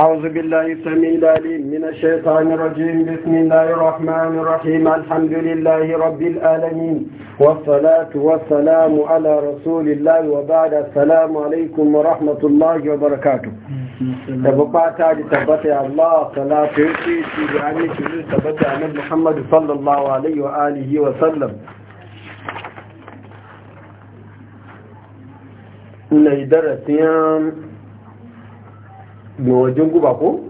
أعوذ بالله السميع العليم من الشيطان الرجيم بسم الله الرحمن الرحيم الحمد لله رب العالمين والصلاة والسلام على رسول الله وبعد السلام عليكم ورحمة الله وبركاته تبقى تاج تبقى الله صلاة في بعني شلو تبقى عن محمد صلى الله عليه وآله وسلم إنه درسيان da wajen guba ko?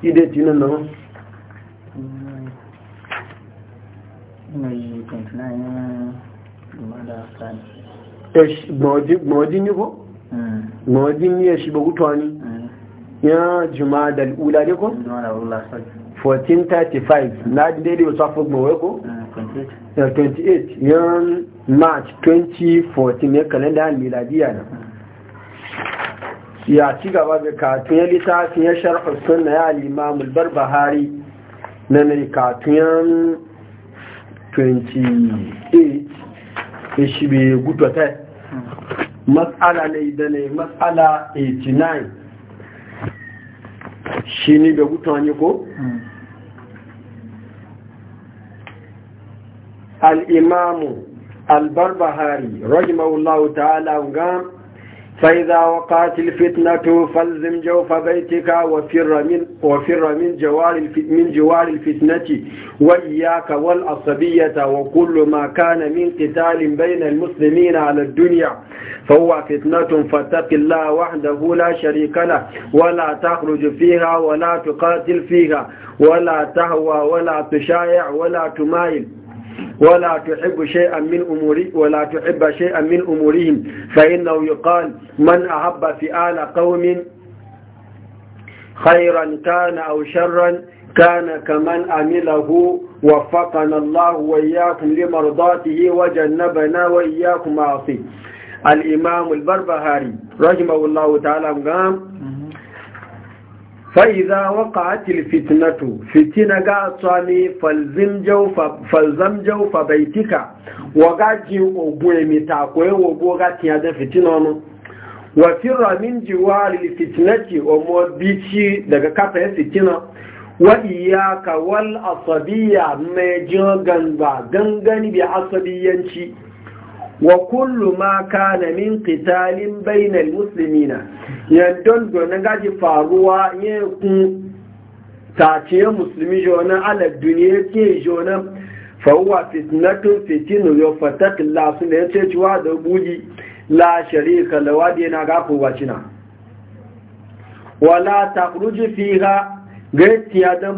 ki dai ci nan nan mai kankanin mada sani gbọ̀nwọ́dín ní kọ́? gbọ̀nwọ́dín ní ẹ̀ṣì bọ̀gútọ́ ni 1435 hmm. hmm. na daidai wasu afọ gbọ̀nwọ́ kọ́? 28 yán march 2014 kalenda miladiya na hmm. ya ci gaba da katun littafin ya sharfa suna ya al-imam al-barbahari na mai katun 28 ya shi bai gudota matsala na da ne matsala 89 shi ne da gudota ko? Hmm. al imamu al-barbahari rahimahullahu ta'ala gam فإذا وقعت الفتنة فالزم جوف بيتك وفر من وفر من جوار من جوار الفتنة وإياك والعصبية وكل ما كان من قتال بين المسلمين على الدنيا فهو فتنة فاتق الله وحده لا شريك له ولا تخرج فيها ولا تقاتل فيها ولا تهوى ولا تشايع ولا تمايل ولا تحب شيئا من أموري ولا تحب شيئا من أمورهم فإنه يقال من أحب في آل قوم خيرا كان أو شرا كان كمن عمله وفقنا الله وإياكم لمرضاته وجنبنا وإياكم معصيه الإمام البربهاري رحمه الله تعالى قام fa'iza waka atil fitnatu fitina ga tsami falzam jaufa baitika wa gaji ogwe mitakoye wogo gati yadda fitina wani wa firra min jiwari fitnati omo bici daga kafa fitina wa iyaka wal asabiya mai jin ganga gangani bi asabiyanci wa kullu ma kana min qitalin bayna almuslimina yadon don gaji faruwa ye ku tace musulmi jona ala duniya ke jona fa huwa fitnatu fitinu yo fatat la sun ce ciwa da buji la sharika la wadi na gafu wacina wala takhruju fiha gati ya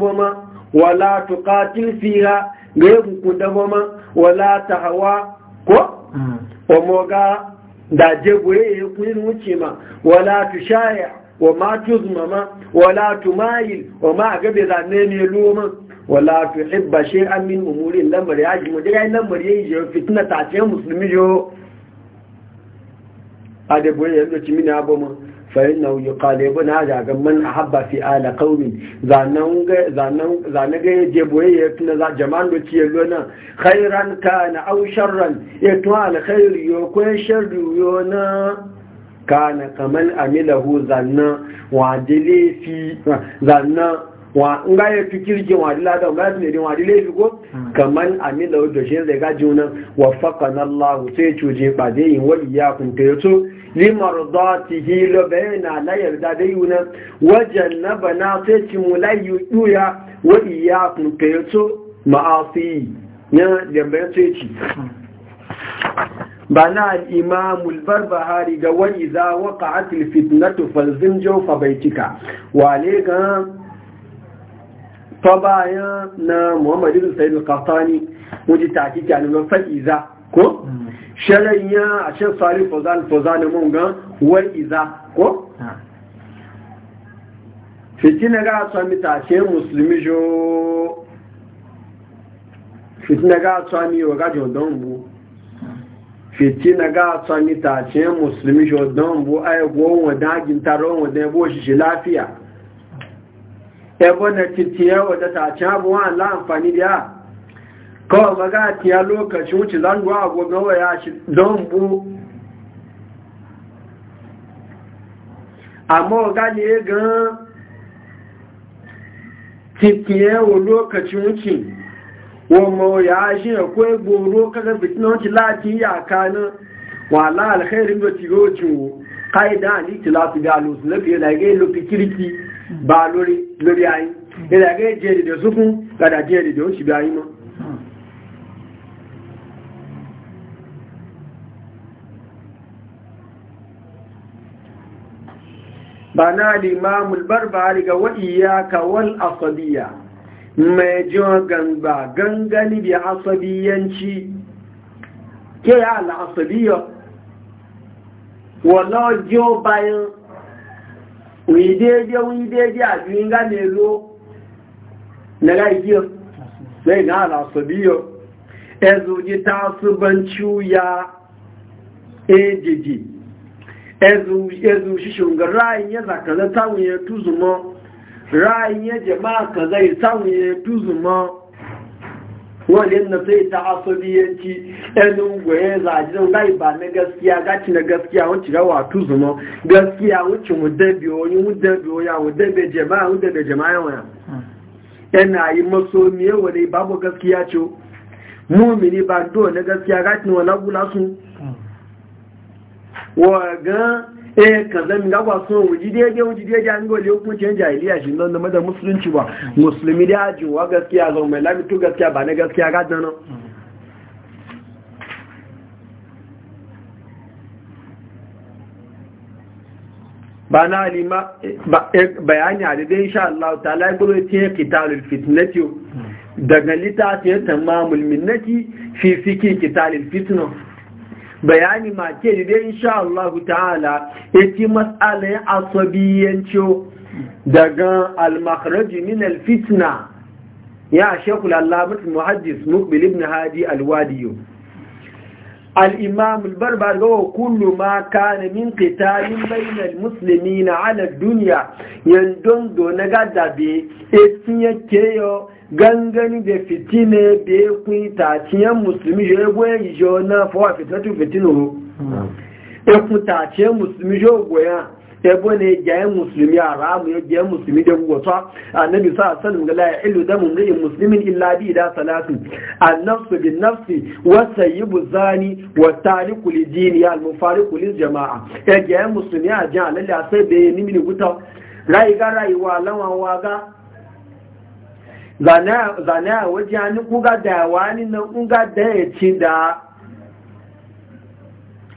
wala tuqatil fiha gaibu kudaboma wala tahwa ko omoga da jebure ya kuyin wuce ma wala tu shaya wa ma tu zumama wala tu mayil wa ma gabe za ne ne loma wala tu hibba shi an min umurin lamar ya ji mu jira lamar ya yi je fitina ta ce musulmi jo a da boye yanzu ci mini abu mu فإنه يقال ابن هذا من أحب في آل قوم زانغ يجبوي يتنا جمال وكي وتيلونا خيرا كان أو شرا يتوال خير يوكو شر يونا كان كمن أمله ذانا وعدلي في ذانا wa nga ya fi kirkin wadi lada hmm. wa gasi ne din wadi laifi ko kamar amina da shi zai gaji wunan wa faƙan lahu sai cuje ba zai yi wani ya kunta ya so limar za ta hilo bayana na yarda da yi wunan wajen na bana sai ci mulai yi ɗuya wani ya kunta ya so ma'afi na jambayin sai ci ba na al'imamul barbahari ga wani za waƙa'atul fitnatu falzin jofa baitika wale ga ta bayan na muhammadu sa'id al-qahtani wajen takiki a nuna fa'iza ko sharayya a shan salih fozan fozan mun ga wal iza ko fitina ga sami ce musulmi jo fitina ga sami wa ga jo don bu fitina ga sami ce musulmi jo don bu ai go wa dagin taron wa da bo shi lafiya ebe na titiya wadda ta ci abuwa Allah amfani da kawai maga tiya lokacin wuce zanguwa agogon waya shi don bu amma gani gan titiya wa lokacin wuce wamma ya shi ya kwaye goro kada bitin wuce lati iyaka na wala alkhairin da tiyo ciwo ƙa'idan alitilafi da alusunafi yana ga yi lofi kirki ba lori lórí lórí ayé ìdàgẹ́ jẹ́ èdè òsúnkún padà jẹ́ èdè bi ayi mo ba na limamul barbari ga wa'iyaka wal asabiya mai jiwa gangba gangani bi asabiyanci ke ya al'asabiya wallawa jiwa bayan wí déédé wí déédé àti ńgá lè ló lẹ́gá ìdí ọ lẹ́yìn náà làṣọ bí ọ ẹzù jí tásùbọ̀nchú ya èdèdè ẹzù ṣíṣùngà ráyìn yẹ zàkàzẹ́ táwọn yẹ túzùmọ́ ráyìn yẹ jẹ̀máà kàzẹ́ ìtáwọn yẹ túzùmọ́ wannan na sai ta asabiyanci ɗanin gwaye zajinan gai ba na gaskiya gaci na gaskiya wancin rawa tuzuma gaskiya wancin mudabi wani mudabi mu mudabi jama'a mudabi jama'a waya yana yi maso miye wani babu gaskiya ce mumini ba do na gaskiya gaci na wani gula su hmm. wa gan eh kaza mi gaba so wuji daidai wuji daidai an gole hukuncin jahiliya shi nan da musulunci ba musulmi da ajin wa gaskiya zo mai lami lamitu gaskiya ba na gaskiya ga dano ba na alima eh, bayani a daidai insha Allah ta'ala ya gudu kitalul fitnati daga littafin tamamul minnati fi fiki kitalul fitnati bayani ma ke da insha Allah ta'ala yace mas'alan asabiyancio daga al-makhraj min al-fitna ya shaykh al-allama muhaddis muqbil ibn hadi al-wadiyo al-imam al-barbar ga kullu ma kana min qitalin bayna al muslimin ala ad-dunya yandondo na gadabe dabe yake yo gangani da fitine da ya kun taciyen musulmi ya goya ijo na fawa fitatu fitinu ya hmm. kun taciyen musulmi ya goya ebo ne jayen musulmi a ramu ya jayen musulmi da gwata annabi sa sanin ga la ilu da mun ri'in musulmin illa bi da salatu annafsu bin nafsi wa sayyibu zani wa tariku kuli dini al mufariqu lil jama'a ya e jayen musulmi a jan lalle sai be yi mini wuta. rayu ga rayuwa lawan waga zane a waje hannun kuga da wani nan kuga da ya ce da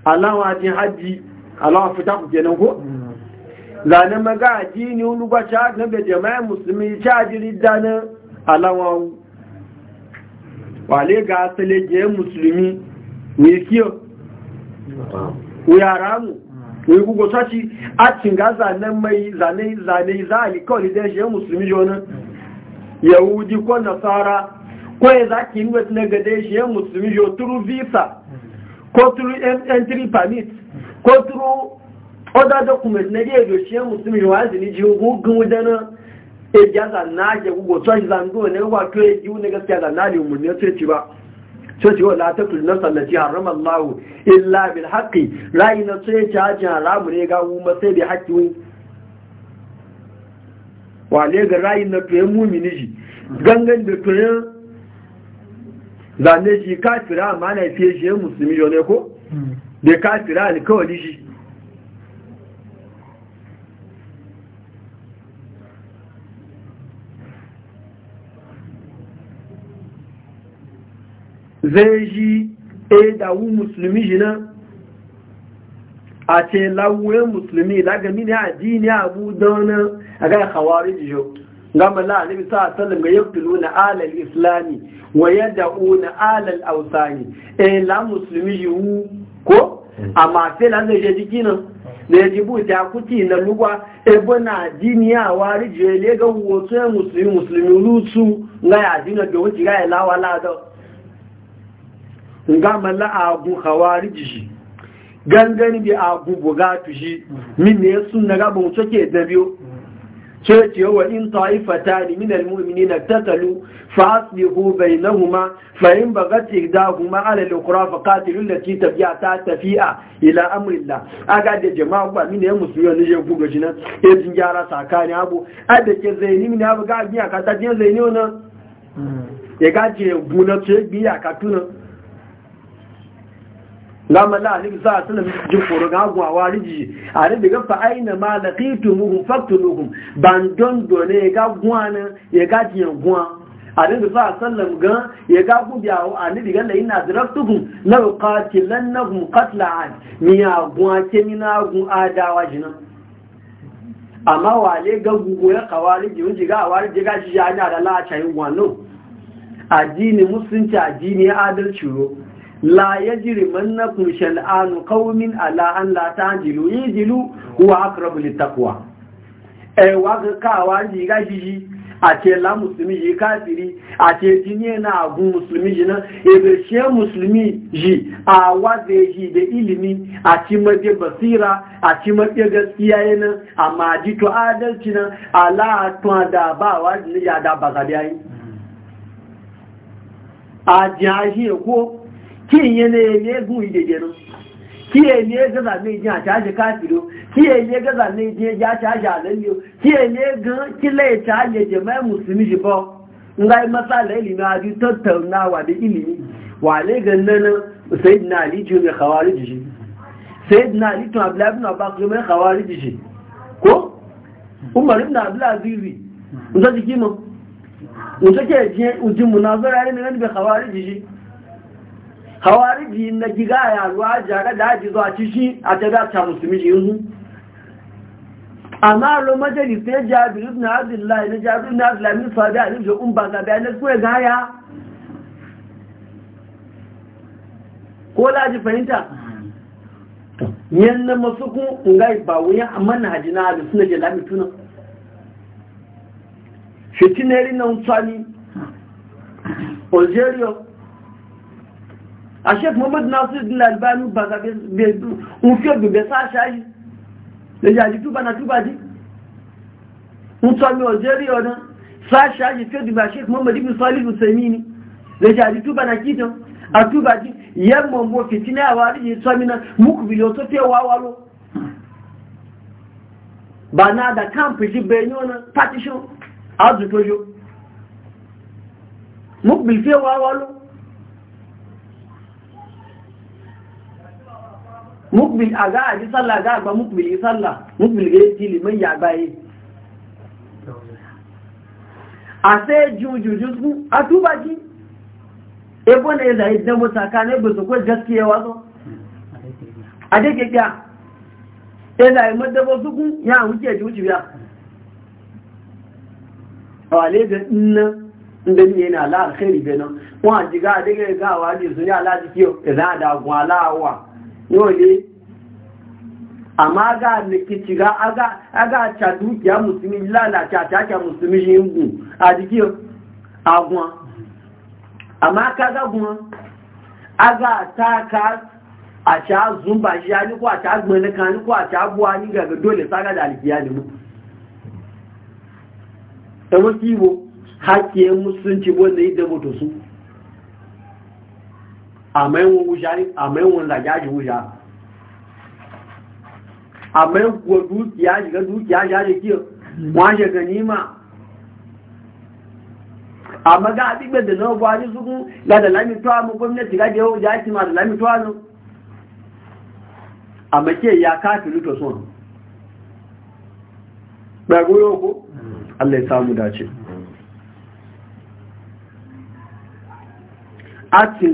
alawa jin hajji alawa fita ku kenan ko zane maga haji ne wani gwace na bai jama'a musulmi ta jiri danin alawa wale ga asali jiyan musulmi ne kiyo wuyara mu wuyi gugu sashi a cin ga zane mai zane zane za a yi kawai da shi musulmi jona? yahudi ko nasara ko ya za ki inwet na gade shi yan musulmi yo turu visa ko turu entry permit ko turu other document na dia yo shi yan musulmi yo azi ni jihun gugun wudana e jaza na je gugo to shi zango ne wa to e jiwo ne gaskiya da na limu ne to ci ba to ci wala ta kullu nafsa allati harrama Allah illa bil haqqi ra'ina to ya ci haramu ne ga mu sai bi haqqi wale ga rayin na tuyen mumini shi gangan da tuyen zane shi kafira amma na fiye shi yin musulmi yau ko da kafira alkawali shi zai shi ɗaya e dawu musulmi shi nan a ce lawuyen musulmi lagami ne a dini abu daunan aga khawarij jo gama la annabi sa sallam ga yaqtuluna alal islami wa yad'una alal awsani e la muslimi yu ko hmm. amma sai la da jiki nan da ya jibu ta kuti na lugwa ebe na ya wari rijiyo ile ga wasu ya musulmi musulmi rusu na ya dina da wuce ga ilawa lada nga mala agu khawarij shi gangan bi agu bugatu shi hmm. min ne sun na gaba wuce take da biyo ce wa in ta'ifata ne min almu'mini na tattalu fa aslihu bainahuma fa in bagat ihdahuma ala al-ukhra fa qatilu allati tabi'a ta tafi'a ila A aga da jama'a ba min ya musu ne je gugu shi nan e jin gyara sakani abu a da ke zaini min abu ga biya ka ta jin zaini wannan hmm. ya ga je buna, ce biya ka tunan lamar la alibi sa sallam ji koro ga gwa wariji alibi ga ma aina ma laqitumuhum faqtuluhum ban don dole ga gwana ya ga jiyan gwa alibi sa sallam ga ya ga a riji ga la ina daraftuhum la qatilannahum qatla katla a miya guwa ke nina gun adawa jina. amma wale ga gugu ya kawariji wunji ga wariji ga shi ya da la'acayin chayin gwanon addini musulunci addini adalci ro la yajri mannakum shan'anu qaumin ala an la tajilu yajilu huwa aqrabu littaqwa e wa ga kawa ji ga A ce la musulmi yìí káàkiri A ce ní na àgún musulmi yìí náà ìbẹ̀ṣẹ́ musulmi yìí àwádẹ yìí da ilimi ci maje basira ci maje gaskiya yi yana a máa to adalci na aláàtún àdàbà àwádìí a bàtàbí ko. kí ìyẹn ní ẹni égún ìdèdè nù kí ẹni égúnzà ní ìdí àṣáṣe káàkiri kí ẹni égúnzà ní ìdí ẹjẹ àlẹ́lẹ́ kí ẹni égún kí lẹ́ẹ̀ṣá lè jẹ mẹ́mù sí ní mọ́sálẹ̀ ìlìmí adú tó tẹ̀ náà wà hawariji na giga ya ruwa jara da haji zuwa cishi a ta ta musulmi yanzu amma lo majalis ya jabiru na abdullahi na jabiru na abdullahi min sabi a nufi un ba a na kuwa gaya ko laji fahimta yanna masu kun ngai ba wuyan amma na haji na abin suna lami tunan shi tinari na mutane algeria a sheik muhammadu nasiruddin albani ba za ń fi ọgbẹ̀gbẹ̀ sáàṣá yìí lè yà jí túbà na túbà jí ń tọ́ mi ọ̀jẹ́ rí ọ̀nà sáàṣá yìí fi ọgbẹ̀gbẹ̀ sheik muhammadu ibn salihu sami ni lè yà jí túbà na kíjọ a túbà jí yẹn mọ̀ mọ̀ fìtí ní àwọn àríyìn tọ́ mi náà múkùbìlì ọ̀tọ́ tí ó wá wá lọ ba na da kamfi ji partition mukbil a za a ji sallah za a ba mukbil yi sallah mukbil ga yi liman ya baye a sai jujuju su a tuba ki ebo ne ya zai dabo tsakanin ba su kwa gaskiya wazo a dake kya ya e zai madabo su kun ya wuce juju ya a wale ga nna inda ni yana ala alkhairi benin wa jiga a dake gawa ne su ne ala jikiyo ya e za a dagun ala awa yóò aga a agá nìkìtì agá àṣà dúkìá mùsùlùmí a àtàkà mùsùlùmí ṣe ń gùn àdìkí àgùn àmọ́ akágágùn agá a àṣà zumba ṣe aníkó àṣà gbẹ̀nẹ́kan aníkó àṣà bọ́ dole dólè ságàdà àdìkíyà mu ẹwọ́n kí wo hákìí musulunci wọ́n lè dẹ́bọ̀tọ̀ àmọ́ ẹ̀wọ̀n wúṣá ní àmọ́ ẹ̀wọ̀n làjáàjì wúṣá àmọ́ ẹ̀wọ̀n dúkìá ṣìkẹ́ dúkìá ṣáàjẹ́ kí wọ́n ṣe kàn ní mà da lami àdígbẹ̀dẹ̀ náà bọ́ adé súnkún gádà lámì tó àmú gómìnàtì gádà ó samu dace a cin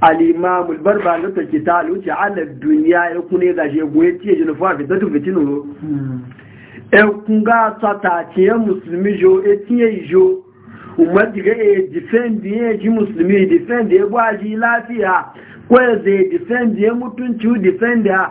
al barba na barbani ta kita wuce ala duniya ya kune ga shi goye tiye jini fa fi datu fitinu ro e kun ga tsata ya musulmi jo e tiye jo umar diga e defend ya ji musulmi defend ya gwaji lafiya ko zai ze ya mutunci defend ya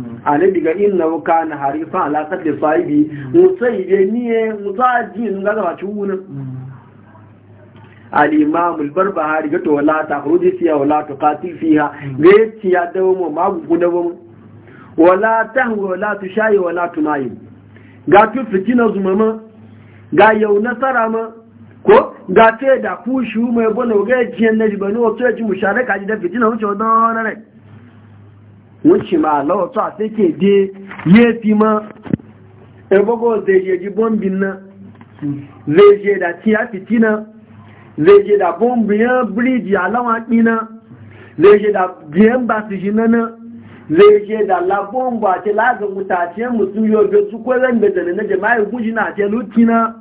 annabi ga inna wuka na harifa ala da sahibi mutsai be niye mutaji nun ga ba Alimamul bar imam al-barbahari ga to la takhruji fiha wala kati fiha ga ya dawo mu magu dawo mu wala tahwa wala tushayi wala mayu ga tu zuma zumama ga yau nasara ma ko ga ce da kushu mai bono ga jiyan naji bani wato ya ji musharaka ji da fitina wuce wadon rai wuce ma lauta take de yefi ma ebogo zai je ji bombin nan zai je da tiya fitina zai je da bombin biriji alawa ɗina zai je da biyan basu shi nan zai je da labon ba ce laga mutace mutum yau ga su kwallon da da na jama'i guji na ce lutina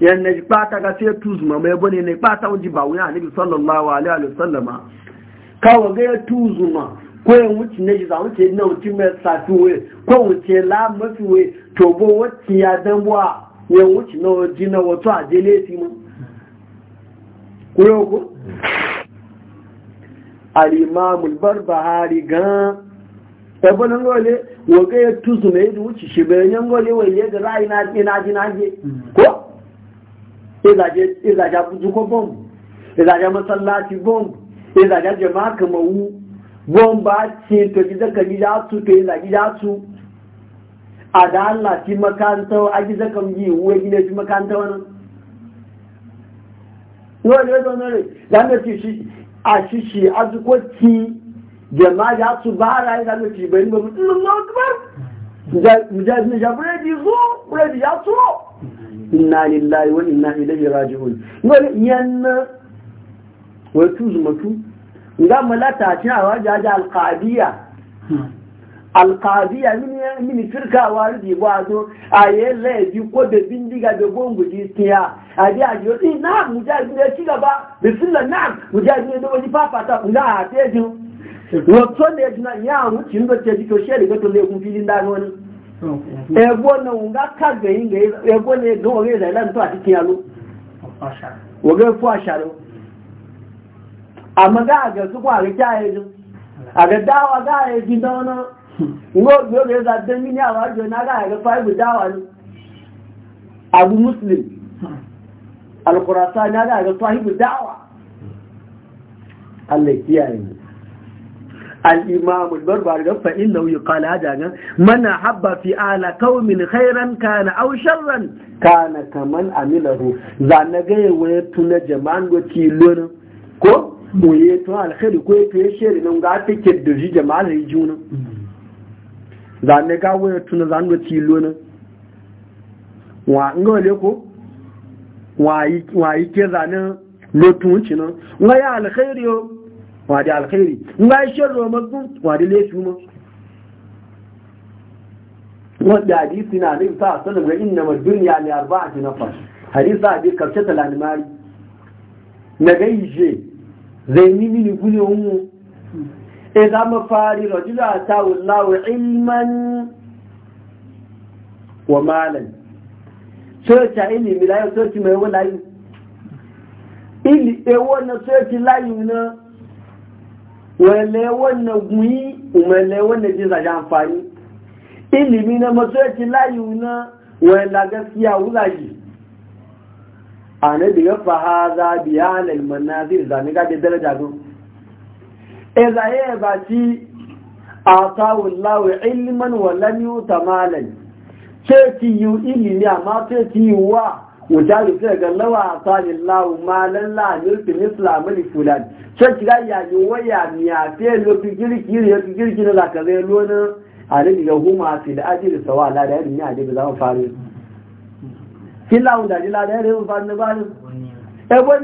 yan na kpata ga sai tuzu ma mai bane ne kpata wajen ba wuya a nabi sallallahu alaihi wasallama kawo ga ya tuzu ma kwen wuce ne shi zamu ce na wuce mai safi we kwen wuce la mafi we to e bo wacce ya dan buwa ya wuce na waje na wato a jele si mu kuyo ku al-imamul barbahari gan tabon an gole wa ga ya tusu mai da wuce shi bayan yan gole wai ya ga ra'ayi na ina ji na je e ko izaje izaje buzu ko bomb izaje e masallaci bomb izaje jama'a wu. wọ́n bá ṣe tòjízẹ́kà gídá tú tó ìlà gídá tú àdáàlà tí makanta ajízẹ́kà yìí ìwé gídá tí makanta wọn náà lè tó rẹ̀ dáná ti àṣìṣì azúkó tí lalai yá bá ara ẹ̀ dáná ti ìbẹ̀rẹ̀ nígbà mọ́tún lọ́gbọ́n nga malata ci a wajen da alƙadiyya alƙadiyya mini firka wa rubi ba zo a yi laifi ko da bindiga da gonguji tiya a biya a jiyo ɗin na mujahidi ne ci gaba da silla na mujahidi ne da wani fafata nga a tejin wato ne jina ya wucin da ce jiko shi riga to zai kun filin da wani ebo na nga ka gayin e gayin ebo ne ga wani zai lantuwa cikin yalo wa ga fuwa sharo amma za a ga su kuma ga kyaye jin a ga dawa za a yi jin da wani ngogo ga za dan mini a wajo na ga ga faibu dawa ne abu muslim alqurasa na ga ga sahibu dawa Allah kiyaye mu الإمام البربر قال فإنه يقال هذا من أحب في آل قوم خيرا كان أو شرا boye to alheri ko to ya shiri nan ga ta ke da ji jama'a da juna za ne ga waya tuna za ne ci lona wa ga wale ko wa yi ke za ne lotun ci nan nga ya alheri yo wa da alheri? nga shirro zun. wa da lefi mu wanda hadisi na nabi sa sallam da inna ad-dunya li arba'ati nafar hadisi abi karshe talanimari na gaije zai nimi ni gune hunmu e za mu fari rajula ta wallawa ilman wa malan soyaci ilimi layu soyaci mai yawan layu ili ewo na soyaci layu na wale wannan guyi wale wannan jin zaje amfani ilimi na masoyaci layu na wale gaskiya wulaji annabi ya fahaza biyan almanazir zane ga daraja go e zaye ba ci atawu lawe ilman wa lam ta malan ce ki yu ne amma ce ki wa da sai ga lawa atani Allah malan la yuti misla mali fulan ce ki gaya yi waya mi a lofi girki fikiri kiri ya lona annabi huma da ajiyar sawa la da yin da zama faru kí láhùn dàjí ládẹ́ rẹ̀ ń fa nígbà ẹgbẹ́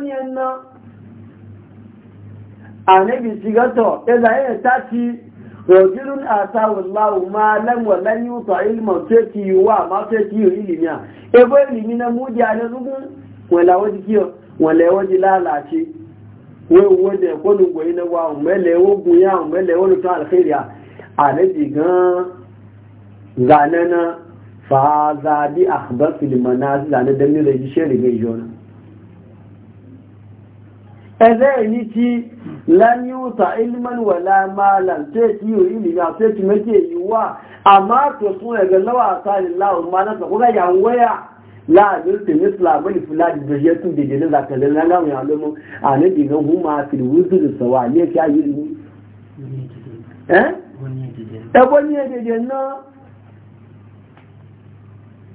ní na mú di alẹ́lúgún wọ̀n làwọ́dí kí ọ wọ̀n lẹ́wọ́dí láàláàtí wọ́n wọ́n dẹ̀ kọ́nù gbòyìn náà wà ọ̀mẹ́lẹ̀ ogun yá ọ̀mẹ́lẹ̀ olùtọ́ àlẹ́fẹ́rẹ́ àlẹ́bì gan-an fa bi akhbasu limanazil an da ni da shiri na te yiwa amma to sun ga lawa ta lillahi ma na ko ga ya waya la yurti misla bal tun da da zaka na mu ya lomo ana bi ga huma fil wuzur sawa ne ka yi eh eh wani ne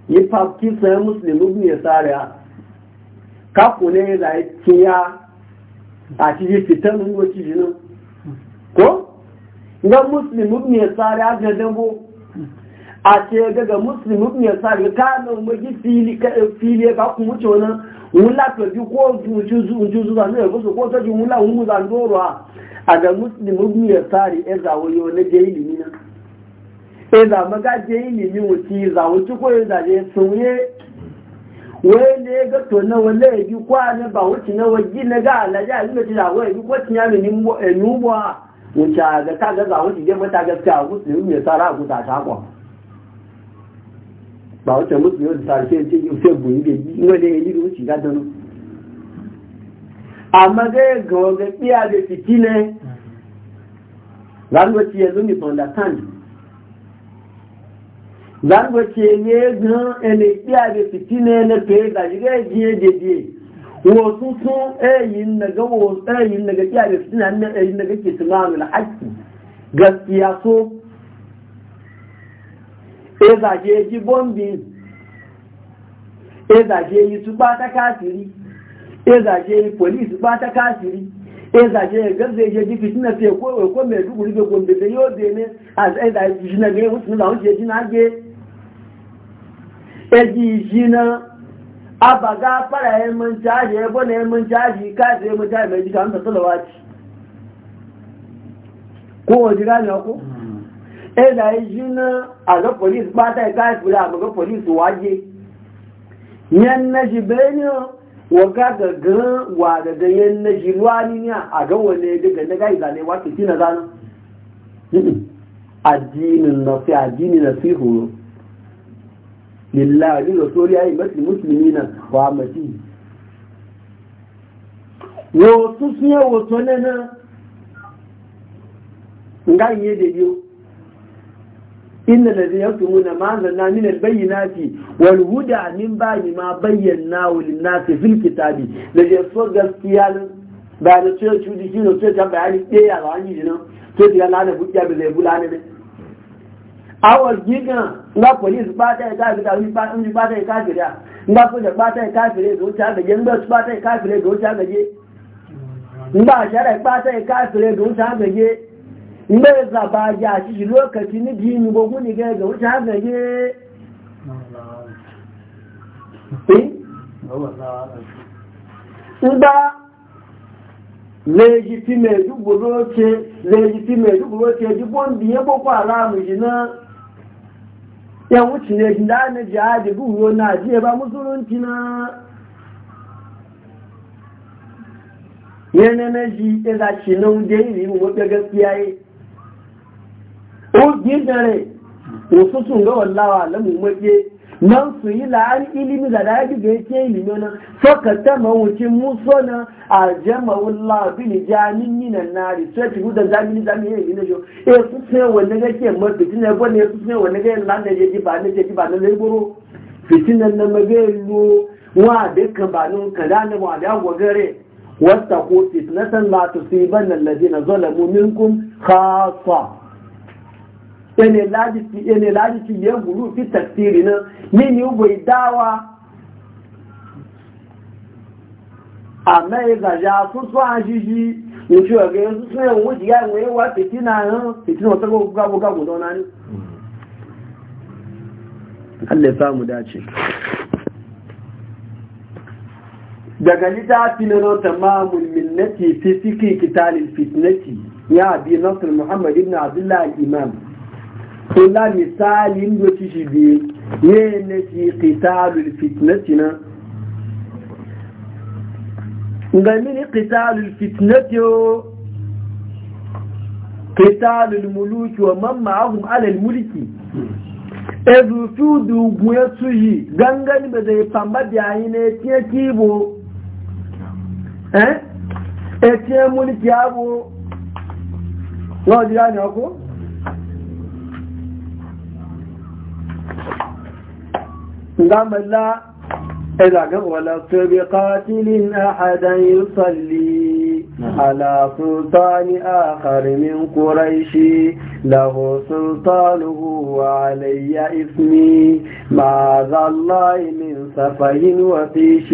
yi fafi sayan musulmi ne tsari a kaku ne da kiya a cikin fitan ruwaci jinin ko? ga musulmi ne tsari a ga dambo a ce daga musulmi ne tsari ka na umargi fili ka kuma wuce wani wula ta ko juju zuwa ne ya kusa ko ta ji wula wula zandoro a ga musulmi e ne sare ya zawo yau na jayi limina ẹ̀zà e magaje ilimi wuti ìzà òtí kó ìzà lè sòwé wọ́n lè gẹ́tò náà wọ́n lè bí kó àníbà wọ́n ti náà wọ́n jí nígbà àlàyé àlúmọ̀ ti àwọn èyí kó ti yára ní ẹ̀nu wọ́ a wọ́n ti àgẹ́ tágẹ́gà wọ́n ti Ba mọ́ta gẹ́gẹ́ àwùsùn ìlú yẹn sára àgùtà àtàkọ̀ bàwọ́ tẹ̀ mọ́tò yóò sáré ṣe ṣe ṣe bù ní bèbí wọ́n lè yí lóṣì gádánú àmọ́gẹ́ gọ̀ọ́gẹ́ understand zango ce ne gan ene iya da fiti ne ne pe da jiga wo jeje wasu e eyin na ga wo e eyin na ga ti a de fiti na ne e eyin na ga ke tumanu na haƙƙi gaskiya so e da je ji bombi e da je yi su ba ta kasiri e da je yi police ba ta kasiri e da je ga ze je ji fiti na fe ko ko me mai duguri ga gombe e da yo de ne a zai da ji na ga wasu na wuce ji na ge eji shi na abaga fara ya manci aji ya bane ya manci aji ka sai manci aji mai jika amsa salawa ci ko waje gane ku e da yi na a polisi polis ba ta yi kayi polisi a ga Nye nne ji be wa ga gaga wa gaga yan ji shi a ga wane gaga na gayi ke tina na lillahi wa rasuli ayi musulmi muslimina wa amati wo tusiye wo tonena nga yi da biyo inna ladhi yaktumuna ma anzalna min al-bayyinati wal huda min ba'di ma bayyana lin-nasi fil kitabi ladhi so gaskiya ba da ce cuci kino sai ta bayani ɗaya ba an yi nan ce ta yana da hujja da zai bula ne awal gigan nga polis ba ta ka gida ni ba ni ba ta ka gida nga soja ba ta ka gida ga ka je ka je za ba ya shi ni ni ni tí mẹ̀ẹ́dúgbò ló ṣe lèyí tí mẹ̀ẹ́dúgbò ẹjú bó ń bí yẹ́ boko haram yìí Yan wuce ne da na jihadi buyo na jiya ba musulunci na yana na ji ya za shi na wuje yi mu wata gaskiya yi o gidare wasu sun ga wallawa lamun maƙe nan su yi la'an ilimi da daji da ya yake ilimi nan saka ta mawucin muso na a jama'un labin jamin ninan nari sai ci da zamini zamini yin gina shi e su sai wanda ga ke mafi fitina ko ne su sai wanda ga yin landa ya ji ba na ke ji ba ne laiboro fitinan na magayin lo wa dukkan ba nun da na wa da gwagare wasta ko fitnatan la tusibanna allazina zalamu minkum khassa ene laji ti ene laji ti ye buru fi tafsiri na nini ubo idawa ame gaja susu ajiji nti oge susu e wo diga we wa fitina han fitina to go gabo gabo don nani Allah ya mu dace daga littafin na tamamul minnati fi fiki kitalil fitnati ya bi nasr muhammad ibn abdullah al-imam kula misalin da ci shi biye ye na ci qitalul fitnati na ga mini qitalul o man ma'ahum ala mulki ezu su dugu ya su yi gangan ba zai famba da yi ne tiye kibo eh e tiye mulki abu ngamalla إذا ولا بقاتل أحدا يصلي على سلطان آخر من قريش له سلطانه وعلي إثمي معاذ الله من سفه وفيش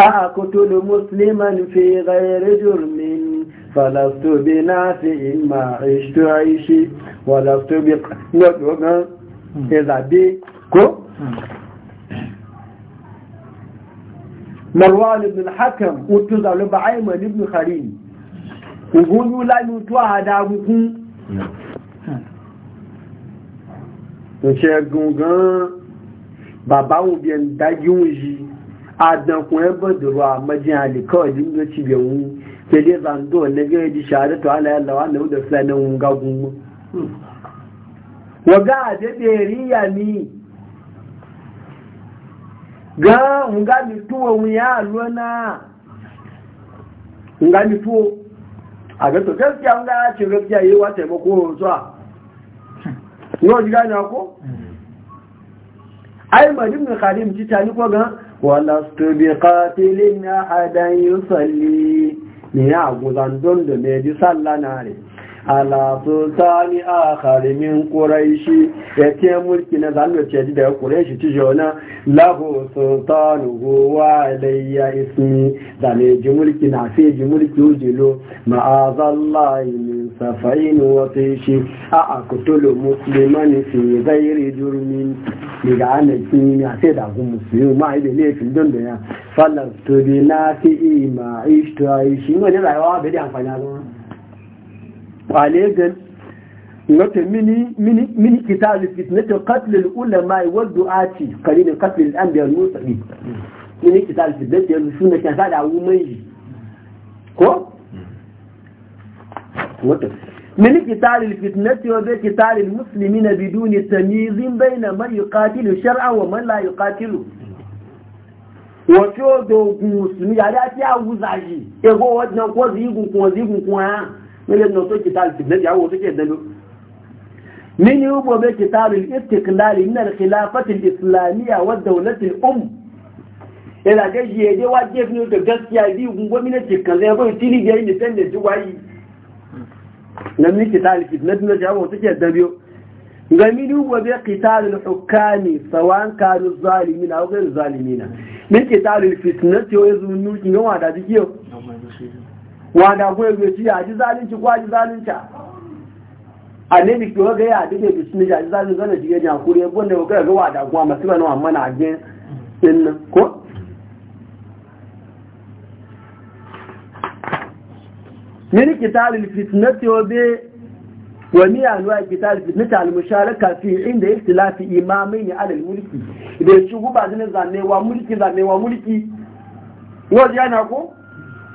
أقتل مسلما في غير جرم فلست بنافع ما عشت عيشي ولست بق... إذا بي كو marwan ibn al-hakam wato zalu ba'ayman ibn kharim ugunyu la mutu ada gukun to se gungan baba wo bi en daju yi adan kun e bodoro amajin aliko yi ngo ti bi ohun tele do ne ge di shahada to ala yalla wa ne da ga gagun wa ga de beriya ni ga nga tuwo mu ya lona nga mituwo a ga to gaskiya nga ce gaskiya yi wata ba ko zuwa yau ji gani ko ai madin ga khadim ji tani ko ga wala stubi qatilin ahadan yusalli ni ya guzan don da me ji sallana ne ala sultani akhar min quraishi yake mulki na zan da ce da quraishi ci jona lahu sultanuhu wa alayya ismi da ne ji mulki na fi ji mulki ujilo ma'azallahi min safain wa tishi a aqtulu musliman fi ghairi jurmin daga anaki ya sai da gun musulmi ma ibe ne fi don da ya falar to bi na fi ma ishta shi ne rayuwa bai da amfani a gan, wata mini mini mini kitabu fitnatul qatl al ulama wa du'ati qalil qatl al anbiya wal mursalin mini kitabu sunna kan sada umai ko wata من قتال الفتنة وبقتال المسلمين بدون تمييز بين من يقاتل شرعا ومن لا يقاتله wato dogun musulmi ya dace a wuzaji ego wadannan ko zigun ko zigun ko ha ولنو تو طيب كتاب النبي او تو كيدلو من يوبو بي كتاب الاستقلال من الخلافه الاسلاميه والدوله الام الى جيجي دي واجب نيو تو جاستيا دي غومينا تي كانزي بو تيلي جاي ديبندنت واي نمي كتاب الاستقلال النبي او تو كيدلو غامين يوبو بي كتاب الحكام سواء كانوا ظالمين او غير ظالمين من كتاب الفتنه يوزو نيو نيو ادا ديو wanda kuwa ya ci yaji zalunci ko yaji a ne biki waga ya dade ne yaji jiye ne ji ya kure bonda ko ga wada kuma masiba na amma na gin din ko min kitalin fitnati wa bi wa ni alwa kitalin fitnati al musharaka fi inda ikhtilafi imamaini ala al mulki da shugo ba zan zanne wa mulki zanne wa mulki wajen yana ko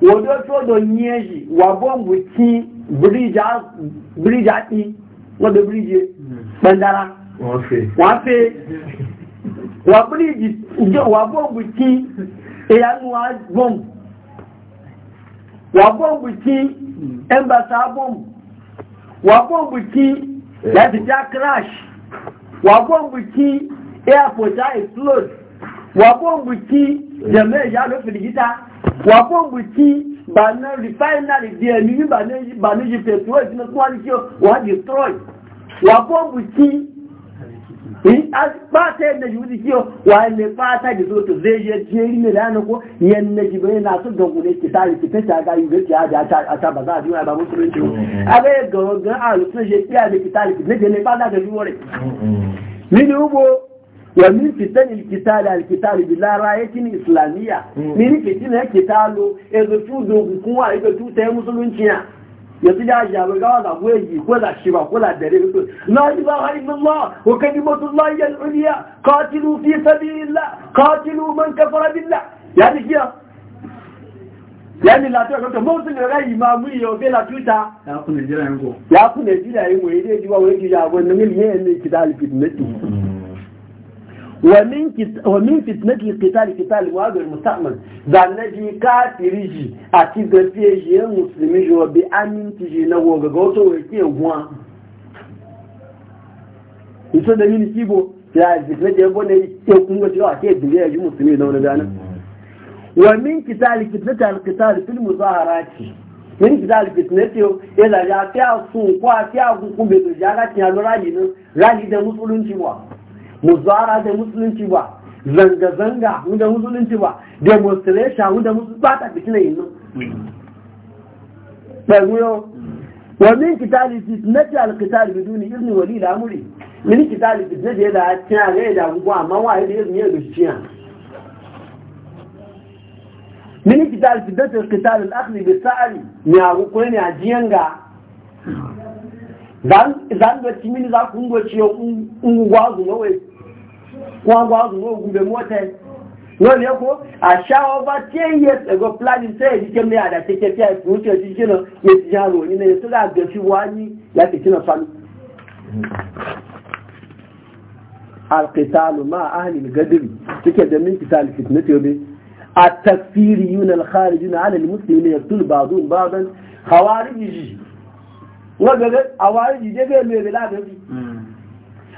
wòdó tó lò ní ẹ̀yì wà bọ́ǹbù tí bíríjà tí wọ́n bẹ bíríjì pẹ̀ndára wọ́n fẹ́ wà bíríjì wà bọ́ǹbù tí ìyanu wà wà bọ́ǹbù tí ẹmbàsá bọ́ǹbù wà bọ́ǹbù tí láti já jẹ̀mẹ́ ìyá ló fi dìgítà wà fún ògbì tí bàánà rìfáínàrì di ẹ̀mí bàánà yìí fèsì wọ́n ìsinmi fún àríkí wà destroy wà fún ògbì tí pàtà ẹ̀nà wùdí kí wà ilẹ̀ pàtà ìdìbò tó zé yẹ tí ẹ ilẹ̀ lánà kó yẹn nà bẹ́ẹ̀ nà tó dọ̀kùn ní kìtà rì kìtà tí a ìwé tí a jà àtàbàtà àti wọn àbábọ̀ sórí tí ó abẹ́ gọ̀ọ̀gán àrùn tó yẹ kí a lè kìtà rì kìtà ومن فتن القتال القتال بلا راية إسلامية من فتن القتال إذا تودوا كوا إذا تودوا مسلمين yanzu da ya bai gawa da goye ko da shi ba ko da dare ko la ilaha illallah wa kalimatullahi al-ulya qatilu fi sabilillah qatilu man kafara billah ya ni kiya ya ni la to ko mo sun ga imamu yo be la tuta ya ku ne jira ko. ya ku ne yi yango yi ya ne ne ومن فتنة القتال قتال وهذا المستعمل ذا نجي كافري جي أتي غفية جي مسلمي جي وبأمين تجي نوو غغوتو ويكي وان يسو دمين كيبو يا فتنة يبو نجي يكون غتي وعكي الدنيا جي مسلمي دون دانا ومن قتال فتنة القتال في المظاهرات من قتال فتنة إذا جاء فيها سنقوا فيها حكم بيتو جاء غتي على رأينا رأينا مسلمين جي وان muzara da musulunci ba zanga-zanga wanda musulunci ba demonstration wanda musulunci ba ta fitina yi nan ɓanguyo wamin kitali fit na ce alkitali biduni izini wali da amuri mini kitali fit na je da cina ga da gugu amma wa yi da izini ya gushi ciya mini kitali fit na ce alkitali al'akli bi sa'ari ne a gukuri ne a jiyan ga zan da cimini za ku ngwace ungwa zuwa wai wọ́n wá ọdún ogun bẹ̀ mọ́tẹ́ wọ́n ní ọkọ̀ àṣà ọba tí èyí ẹ̀gọ́ pílánì sẹ́yẹ̀ jíjẹ́ mi àdàtẹ́kẹ́ tí àìsàn oúnjẹ ti jìnà yẹ ti já rò nínú ẹ̀yẹ tó dà gẹ̀ sí wá ní láti jìnà sánú. alkitalu ma ahli gadiri suke da min kitali fitnati yobe a tafsiri yuna alkhariji na alal muslimi ya tul ba zuwa ba dan hawariji wọ́n gẹ́gẹ́ hawariji jẹ́gẹ́ lu ebe láàbẹ̀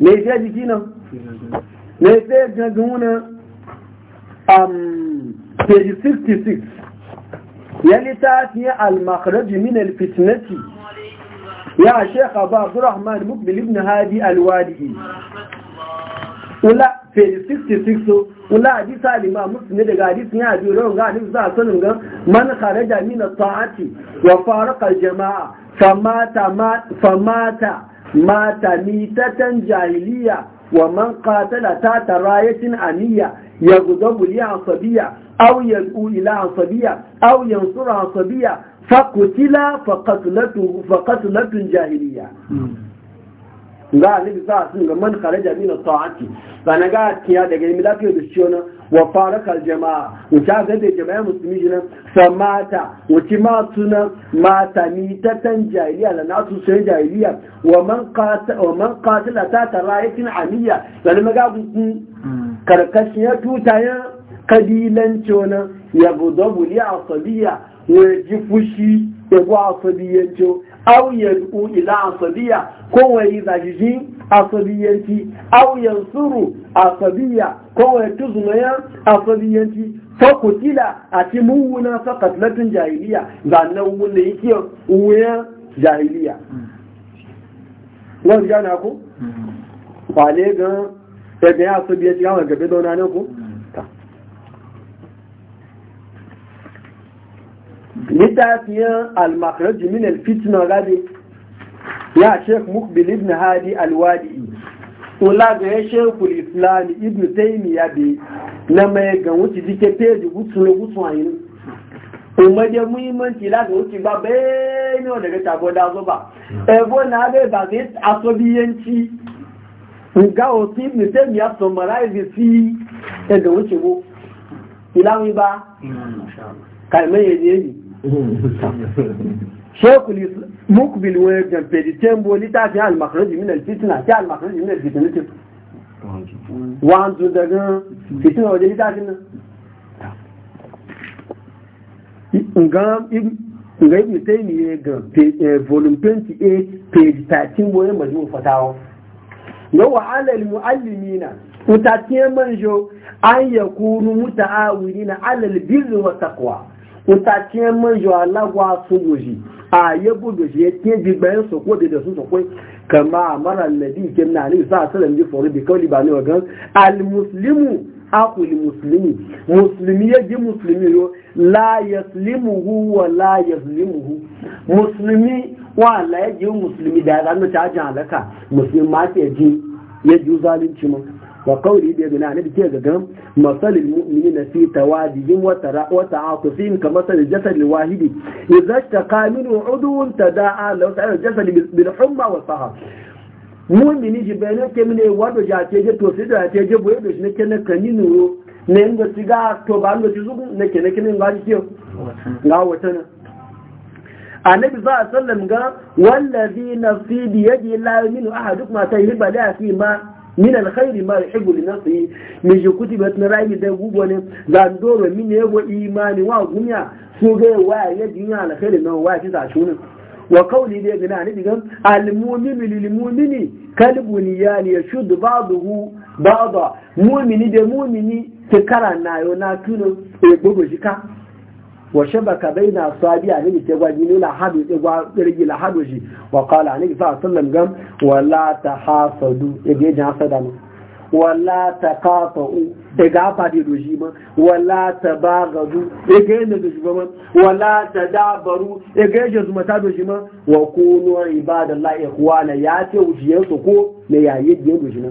na ife jiki nan na ife gaguna page 66 ya littafi al-makaraji min al-fitnati ya sheikh abu abdurrahman mukbil ibn hadi al-wadi ula page 66 ula hadisi alima muslim daga hadisi ya ji rawun ga hadisi za a sanin gan man kharaja min at-ta'ati wa faraqa al-jama'a famata famata mata mitatan jahiliya wa man qatala ta tarayatin aniya ya gudabu li asabiya aw yad'u ila asabiya aw yansuru asabiya qatlatu fa qatlatu jahiliya ga bisa sun ga man kharaja min ta'ati bana ga daga milafi da shi wa farakal jama'a wuce ga da jama'a musulmi jina samata wuce ma suna mata ni ta tan jahiliya da nasu sai jahiliya wa man katila ta tara yakin aliyya da na maga hukun karkashin ya tutayen kabilanci wani ya gudu buliya asabiya wani ji fushi ya bu asabiyanci au ya ila asabiya kowai zajijin asabiyanci aw yansuru asabiya ko ya tuzunaya asabiyanci fa kutila ati muwuna fa qatlatun jahiliya ga nan wanda yake wuya jahiliya wannan jana ko kwale ga daga ya asabiyanci ga gabe dauna ne ko littafin al-makhraj min al-fitna gadi ya sheikh mukbil ibn hadi alwadi'i ula ga ya sheikh islam ibn taymiya bi na mai ga wuce dike peji gutsu ne gutsu ayin kuma da muhimmanci la ga wuce ba bai ne daga tabo da zo ba ebo na ga ba ga asobiyanci ga otu ibn taymiya summarize fi da wuce go ilawi ba kalmai ne shekul mukbil wani jamfedi tembo littafi al-makharaji min al-fitna ta al-makharaji min al-fitna wanzu daga fitina wajen littafin ibn taymiye ga volume 28 page 13 boye majmu fatawa ga wahala al-muallimina utatiye manjo an yakunu muta'awilina ala al-birri wa taqwa utatiye manjo alagwa su goji a ya budu shi ya teji bayan su ko da su su kama amara nabi kin na ne sa sallam ji foru bi kauli ba ne wa gan al muslimu aqul muslimi ya ji muslimi yo la yaslimuhu wa la hu. muslimi wa la ya ji muslimi da ran ta jan alaka muslimi ma ta ji ya ji zalunci mun وقوله بأبناء نبي كيه قام مثل المؤمنين في توادهم وتعاطفهم كمثل الجسد الواحد إذا اشتقى منه عضو تداعى لو تعالى الجسد بالحمى والصهر mumini shi bayanin ke mine wado ja ke je to sai da ke to boye da shi nake na kani nuro ne inda ci ga to ba inda ci zugun nake nake ne ba ji ke ga wata za sallam ga wallazi nafsi bi yadi la ahadukum ma la fi ma min alkhairi ma yuhibbu li nafsihi min kuti bat na rai da gubo ne zan doro min yego imani wa gunya so ga wa ya dinya alkhairi na wa ti ta shunin wa kauli da gina ni digan almu'minu lil mu'mini kalbun yani yashuddu ba'dahu ba'da mu'mini da mu'mini tikara na yo na tuno e gogo shika وشبك بين أصابع نبي تقوان ينو لحد يرجي لحد وشي وقال عليه صلى الله عليه وسلم ولا تحاسدوا يجي جاسدنا wala ta kafa u daga da doji ma wala ta bagazu daga yadda doji ma wala ta dabaru daga yadda zuma ta doji ma wa kuno kuwa na ya ce wuciyar su ko ne yayi da doji ma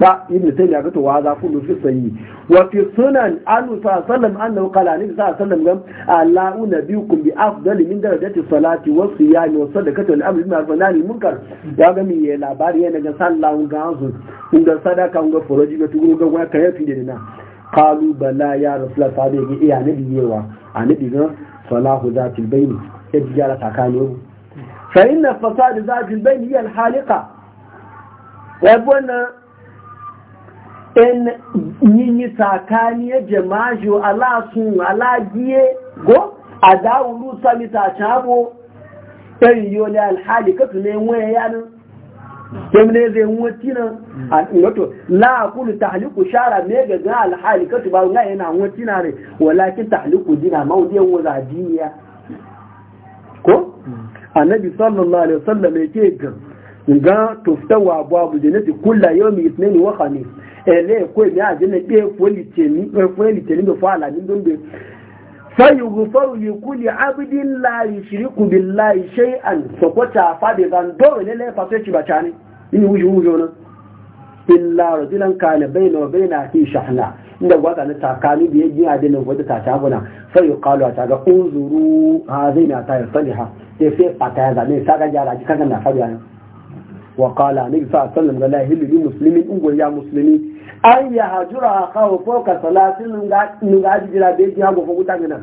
ba ibn tayyib ya kato wa za ku fi sayi wa fi sunan anu sa sallam annahu qala ni sa sallam gam ala kun bi afdali min darajati salati wa siyami wa sadaqati wal amri bil ma'ruf wa nahyi munkar ya ga mi labari yana ga sallahu ga su Inda sadaka kan ga faraji ga tuguro ga wa ya fi da qalu bala ya rasul ta da ga iya eh, nabi yewa annabi ga salahu zatil bayni sai jara takani fa inna fasad zatil bayni hiya al haliqa wa en yin yi ya jama'u ala sun ala giye go sami ta chabo tayin ne al halika tunen waya yanin kemne zai watina wato la kulu tahliku shara me ga ga alhali ka tuba ga yana watina ne walakin tahliku dina maudiyan waza diniya ko annabi sallallahu alaihi wasallam yake ga ga tuftawa abwabu jannati kullu yawmi ithnain wa khamis ele ko ne, mi ajene pe ko litini ko e litini be fala ni don be fayughfaru li kulli abdin la yushriku billahi shay'an sokota fa de zan do ne le fa sai ba tani ni wuju wuju na illa rajulan kana baina wa baina fi shahna inda gwada na takani da yaji a dinin gwada ta ta buna sai yuqalu ta ga unzuru hazina ta yasliha sai sai fata ya zane saka jara ji kaga na fadiya wa qala nabi sallallahu alaihi wasallam la ilaha illa muslimin ungwa ya muslimi an ya hajura a kawo ko ka salatin nunga aji jira da yake hagu fukuta gina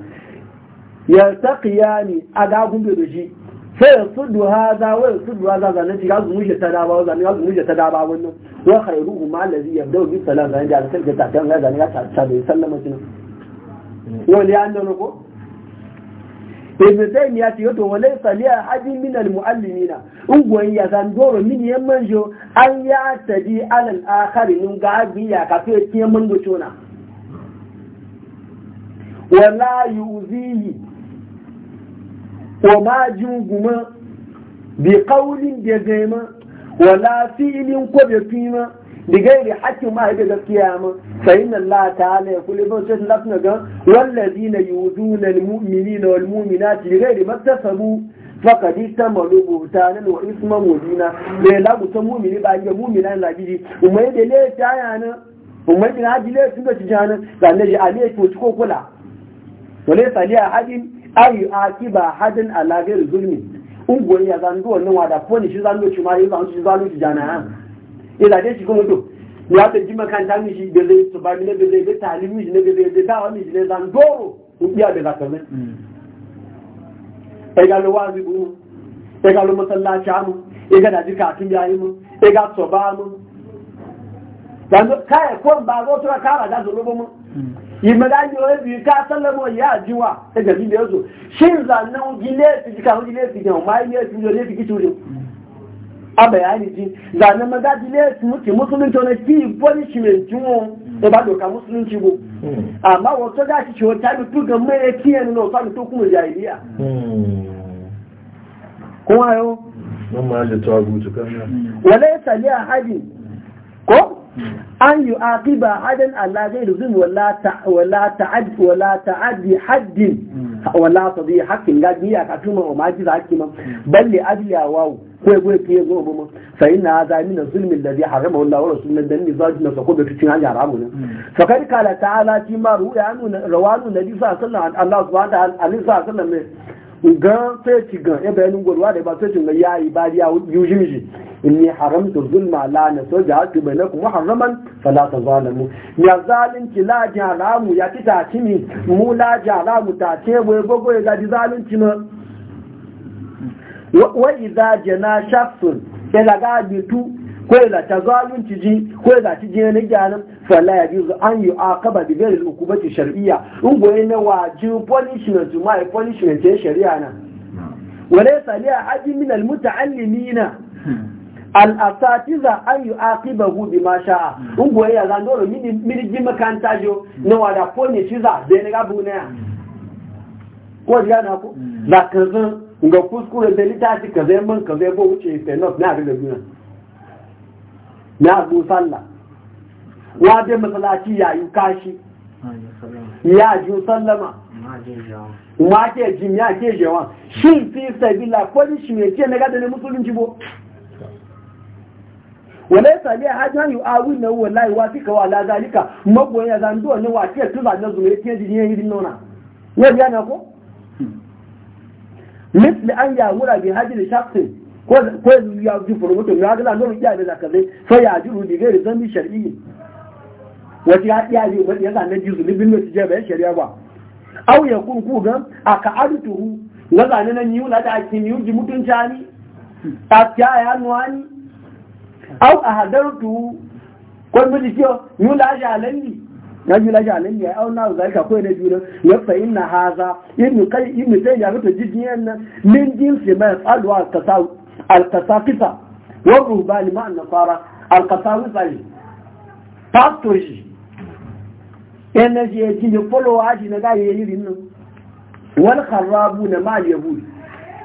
ya taƙiya ne a gagun bai doshi sai ya sudu ha za wa ya sudu ha za zane ci gagun mushe ta daba wa zane gagun mushe ta daba wannan wa khairu huma ya dau bi salatin da alkal ta ta zane ya ta ta bai sallama kina wani ya ko ibn taymiya ce yato walai saliya hadin min al muallimina ungwan ya zan doro min yan manjo an ya tabi al al akhar nun ga biya ka to ke man go tona wala yuzihi wa ma junguma bi qawlin bi wala fi'lin kobe bi بغير حق ما هي قيامة فإن الله تعالى يقول ابن سيد لفنا والذين يؤذون المؤمنين والمؤمنات بغير ما اكتسبوا فقد استمروا بهتانا وإثما مبينا لا بد مؤمن بعد مؤمن أن لجدي وما يدري ليه تعانا وما يدري عادي ليه سنة لأن نجي عليه توتكو كلا وليس عليه أحد أي عاقبة أحد على غير ظلم ungoyi ya zanduwa nan wada ko ne shi zanduwa shi ma yi zanduwa shi zanduwa shi ìlàjẹ́ ṣe kún mọ́tò ni a tẹ̀ jí makanta mi ṣe ìgbẹ̀lẹ̀ ìtọba mi lẹ́gbẹ̀lẹ̀ ìgbẹ̀ tààlì mi ṣe lẹ́gbẹ̀lẹ̀ ìgbẹ̀ táwọn mi ṣe lẹ́ zandoro ń gbé àbẹ̀lá tẹ̀lẹ̀ ẹ̀gá ló wá sí bú ẹ̀gá ló mọ́sálásá mú ẹ̀gá dàjí kàtúndì ayé mú ẹ̀gá tọ̀bá mú káyẹ̀ kó ń ba rọ́tọ́ káàrà dáṣọ lóbó mú ìmọ̀lá ni ó bí ká sọ́lọ́mọ̀ ìyá àjíwà ẹgbẹ̀bí lẹ́ọ̀sọ̀ ṣí ìzànà ògilé a bayani ji zane maza jile muke musulunci wani ki punishment wo da ba doka musulunci bo hmm. amma wato da shi ciwo hmm. hmm. ta mutu ga mai kiyan no fa mutu kuma jahiliya kuma yo mamma da tawagutu kana wala yasali ahadi ko an yi aqiba hadan Allah zai ruzun wala wala ta'ad wala ta'addi haddin wala ta tadi hakkin gajiya ka tuma o maji haƙƙi ma balle ajiya wawo kawai kawai fiye zuwa mu sai na za mina zulmin da zai harama wallah wa rasulun dan ni zaji na sako da cikin hanyar haramu ne hmm. fa kai kala ta'ala fi ma ruya anu rawanu nabi sallallahu alaihi wasallam Allah subhanahu wa ta'ala alaihi wasallam gan sai ci gan ya bayanin gwarwa da ba sai ci gan ya yi bariya yujin inni haramta zulma la na soja hatu bai kuma haraman fala ta zalamu ya zalunci la haramu ya ci taci mu la haramu ta ce bai gogo ya gaji zalunci na wa idza jana shakhsun sai daga bitu ko da ta zalunci ji ko da ta je ne gyanin fala ya juzu an yi aqaba bi ghairi al-uqubati shar'iyya in goye na wajin punishment ma punishment ce shari'a na walaysa li ahadin min al-muta'allimina al'asatiza an yi akiba hudu ma sha'a ungoye ya zan doro mirgin makaranta jo na wada ko ne shi za bai na gabu na ya ko ji gana ku hmm. za nga kuskure da litafi ka zai man ka zai bo wuce fenot na da duniya na abu sallah wa dai masalaci ya yi kashi ya ji sallama ma ke jim ya ke jewa shin fi sabila ko ni shi me ce na gada ne musulunci bo wala ya sami hajjan yi awi na wallahi wa fika wa la zalika magoya zanduwa ne wa ce tuba na zuwa ya ke jini ya yi nona ya biya na ko misli an wura bi hajji shaksin ko ya ji furmuto ya ga nuna ya da zakazai sai ya ji rudi gairi zambi wa wata ya ya ji wani ya ji jizu ni bin tijaba bai shari'a ba aw ya kun ku ga aka ka na zanen nan yi wula da ake yi ji mutunci ni a ya ya nuwa ni au a hadartuhu kwan bi jikiyo yi ja shi nabi la jalin ya au na zalika ko ne juna ya fa inna haza ibn kai ibn sai ya to jijiyan nan min jinsi ma al wa ma al energy ji ne follow aji na ga yayi wal ma yahudi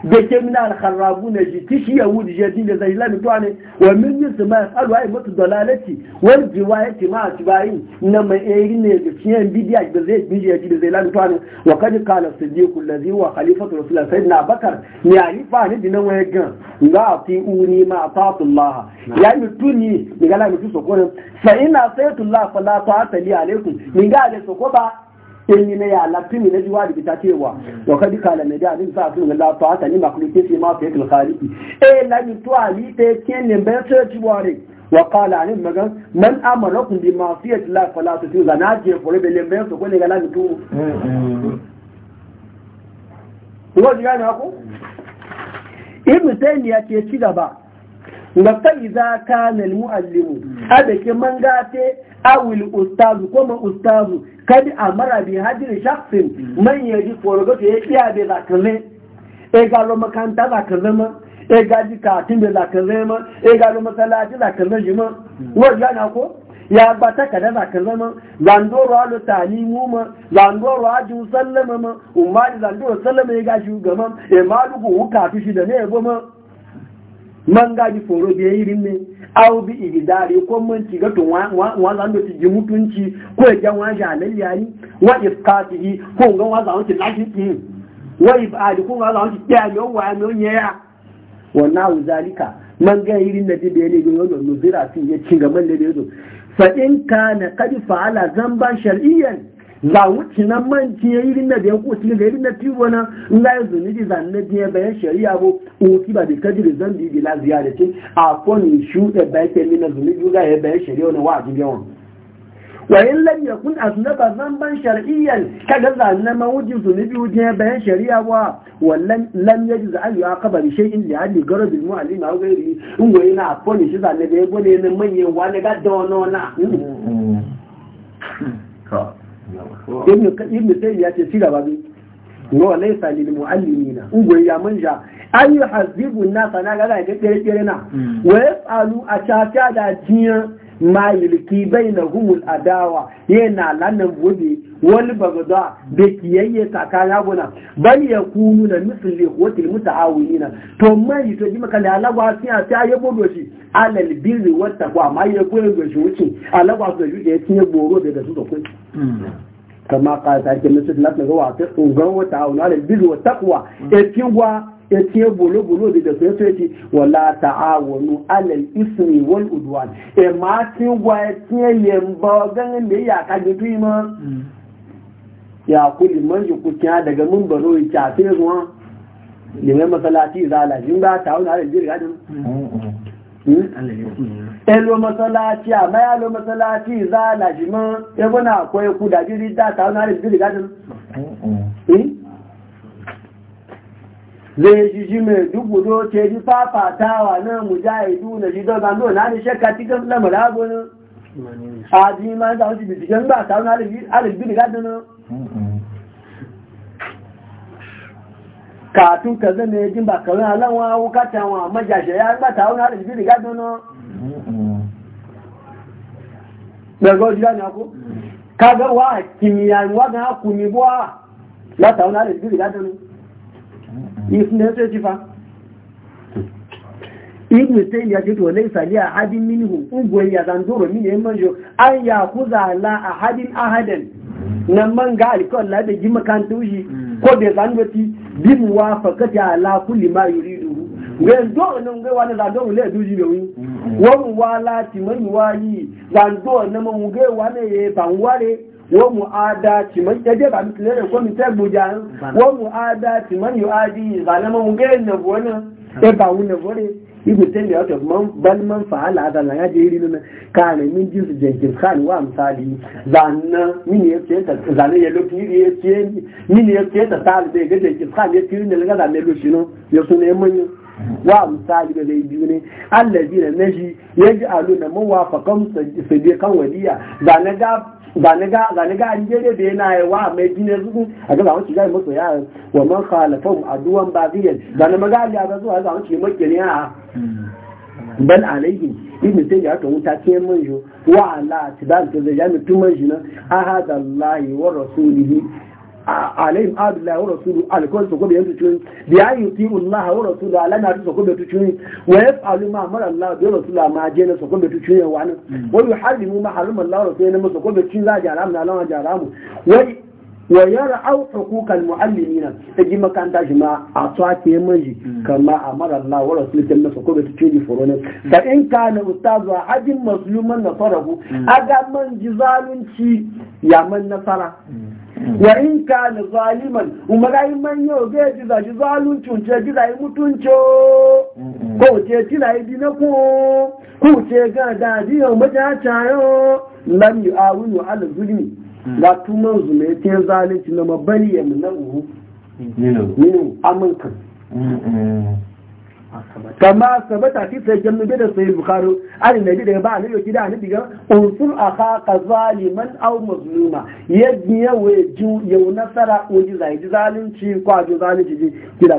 da ke mina alkharrabu na shi tishi ya wuce shi jin zai lami tuwa ne wa min yin su mai tsaruwa ya mutu dalalati wani jiwa ya ce ma a ci bayin na mai eri ne da ciyen bidiya da zai bi shi da zai lami tuwa ne wa kaji kala su je kullazi wa khalifatu rasulullah sai na bakar ne a yi fani dina wani gan za a fi uni ma a fatullah ya yi tuni ni ga lami tu sokonin fa ina sayatullah lafa la ta'ata li alaikum ni ga alai soko ba in yi na ya lafi ne na jiwa da bita cewa wa kadi kala mai da sa su ga lafa ta ni makulike ce ma fa yakul khaliqi eh la ni to ali te ken ne ba so ci ware wa qala ni magan man amarakum bi ma'siyati la fala tu zana je fore be le mai so ko ne ga la ni to ko ji gane ko ni taymiya ke ci gaba da fa iza kana al muallimu abake man gate awil ustazu ko man ustazu kad amara bi hadir shakhsin man yaji forogo to ya be zakalle e galo da zakalle ma e gaji katin be zakalle ma e galo masalaji zakalle ma wajen na ko ya bata kada ma ka zama zandoro alu mu ma zandoro aju sallama ma umma zandoro sallama ya gashi gama e malugu hukatu shi da ne ya ma. Manga gaji foro biya irin ne au bi igidari ko man ci ga to wa zan do ci mutunci ko ya wa jalal yani wa ifqatihi ko ga wa zan ci laji ki wa ibadi ko ga zan ci ya yo wa no ya wa na uzalika man ga na da biya ne go no no zira fi ya ci ga man da yo fa in kana qad fa'ala zamban shar'iyyan la wuce nan man ci ya yi rinna da ya kuci ga irin na tiwo na in la yanzu ni ji zanne biya bayan shari'a bo uki ba da kajiri zan bi bila ziyara ce a kon shuɗe bayan ke mina zuni juga ya bayan shari'a na wa ajin yawan wa in lam yakun aznaba ban shar'iyyan kaga zanne ma wuji zuni bi wuje bayan shari'a wa a yi yajiz an shi in da hali hadi garab mu alima aw ghairi in wa ina kon shi zanne da ya gode manyan wani ga dono na mm, mm. ibn sai ya ce shiga babu no wallahi salil muallimina ungo ya manja an yuhazibu nasa na ga ga kere kere na mm. wa yasalu a chacha da jiyan ma yulki bainahum adawa yana lanan wobe wal bagada da kiyayye tsakanin guna bal yakunu na misli ikhwatil mutaawinina to mai to ji maka da alagwa sai a ta yabo doshi alal birri wat taqwa mai yabo doshi wuce alagwa su da yuce ya tiye boro da su da kai mm. kama ta ke musu na ga ta tsogon wata auna da bizu wa takwa etin gwa etin bolo-bolo da da sai sai wala wani alal ismi wal udwan e ma tin gwa etin yamba ganin da ya ka gitu ma ya kuli man ji kuciya daga mun baro ya ta sai da mai masalaci zala ba ta wani alal jirgin ẹlò mọ́sánláàtí àmáyà ló mọ́sánláàtí ìzá àlàjìmọ́ ẹgbọ́n náà kọ ikú dàbí rí dáta ọ̀nà àrẹ̀ ìdílé gájọ́ zai jiji mai dubudo ce ji fafatawa na mujahidu na jidon gano na ne shakka cikin ma da wasu bisikin katun ka zama eji jin ba kawai alawa wukata wa majashe ya ba ta wani halittu da na daga wajen wa kimiyya ga haku ne buwa ta wani halittu da gado na isu ne ya ce ya zandoro min yan ya kuza la ahadin ahadan nan man ga bi muwafaqati ala kulli ma yuridu wen do non ga wani da don le duji be won wala ti man wali dan do na mun ga wani ye ban ware won mu ada ti man je ba mi tele ko mi te gboja won mu ada ti man yu adi ga na mun ga na e ba ne wore ibn taymiya out of man bal man fa'ala hada la iri nan kana min jinsu jenkins khan wa amsali zanna min ya ce ta zanna ya lokin ya ce min ya ce ta sal be ga jenkins khan ya kiri ne ga zanna lo shino ya sune manyo wa amsali ga dai biyu ne allazina naji yaji aluna mawafaqan sadiqan waliya zanna ga ni e ga an jere da yana yi wa mai gine su a ga zawon shigar masu yara wa man khalafahum aduwan babiyan ni magali ya zuwa zawon shi makiri a bal alaihi ibn sai ya kawo ta ce manjo wa ala tidan to da jami tun manjo na ahadallahi wa rasulihi alayhim abdullahi wa rasulu alkawar su gobe yanzu cikin da ya yi ti ullaha wa rasulu alana su su gobe cikin wa ya falu ma mara allah da rasulu ma je na su gobe cikin yawa nan wa yi harimu ma harimu allah rasulu ne su gobe cikin za a jara mu na lawan jara mu wa yara au hukukan mu'allimina ta ji makanta shi ma a tsake maji kama a mara Allah wa rasul ta masa ko ta ciji furonin da in ka na ustazu a hajin masluman nasarahu aga man ji zalunci ya man nasara wa in ka ni zaliman kuma ga yi manyo ga ji za shi zaluncin ce ji za yi mutunci ko ce ci na yi na ku ko ce ga da ji yau mata cayo lam yi awunu ala zulmi la tuman zume te zalunci na mabali ya mun na uhu ninu amin kan kama sabata fi sai jannu da sai bukhari an nabi da ba ne yake da nabi diga unsur akha zaliman aw mazluma yadniya wa ju yau nasara uji zai zalunci kwa ju zalunci Ji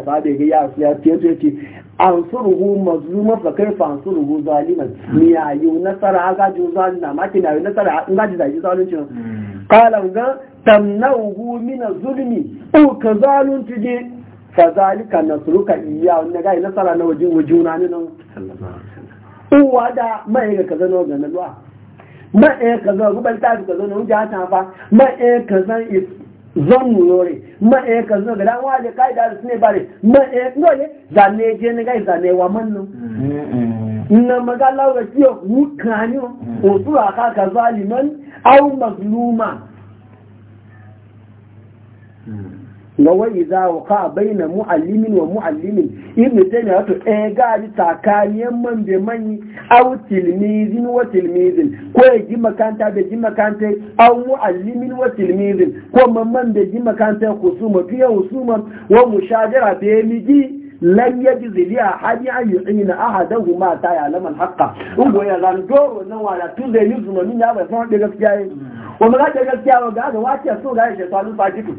fa da ga ya ya ce ce ansuruhu mazluma fa kai fa ansuruhu zaliman ni ya yau nasara ga ju zalina ma kina yau nasara in ga zai zalunci hmm. kala ga tamnauhu min zulmi o ka zalunci je fazalika suruka iya wannan ga nasara na waje wajuna ne nan uwa da mai ga kaza no ga nalwa mai ga kaza ku balta ga kaza no ja ta fa mai ga kaza is zan lori mai ga kaza ga dan wale kai da su ne bare mai ga dole zane je ne gai zane wa manno na magala wa kiyo mukani o su aka ka zaliman au mazluma mm. wa iza waqa baina muallimin wa muallimin ibn taymiya wato eh gari tsakaniyan man be mani aw tilmizin wa tilmizin ko ya ji makanta da ji makanta aw muallimin wa tilmizin ko man man da ji makanta kusuma fiye husuma wa mushajara be miji lan yajzi li ahadi an yu'ina ahadahu ma ta ya'lamu al-haqqa in go ya zan doro nan wala tun da yuzu no min ya ba fa da gaskiya yi ko ma ga gaskiya ba ga wace so ga shi ta lu fakitu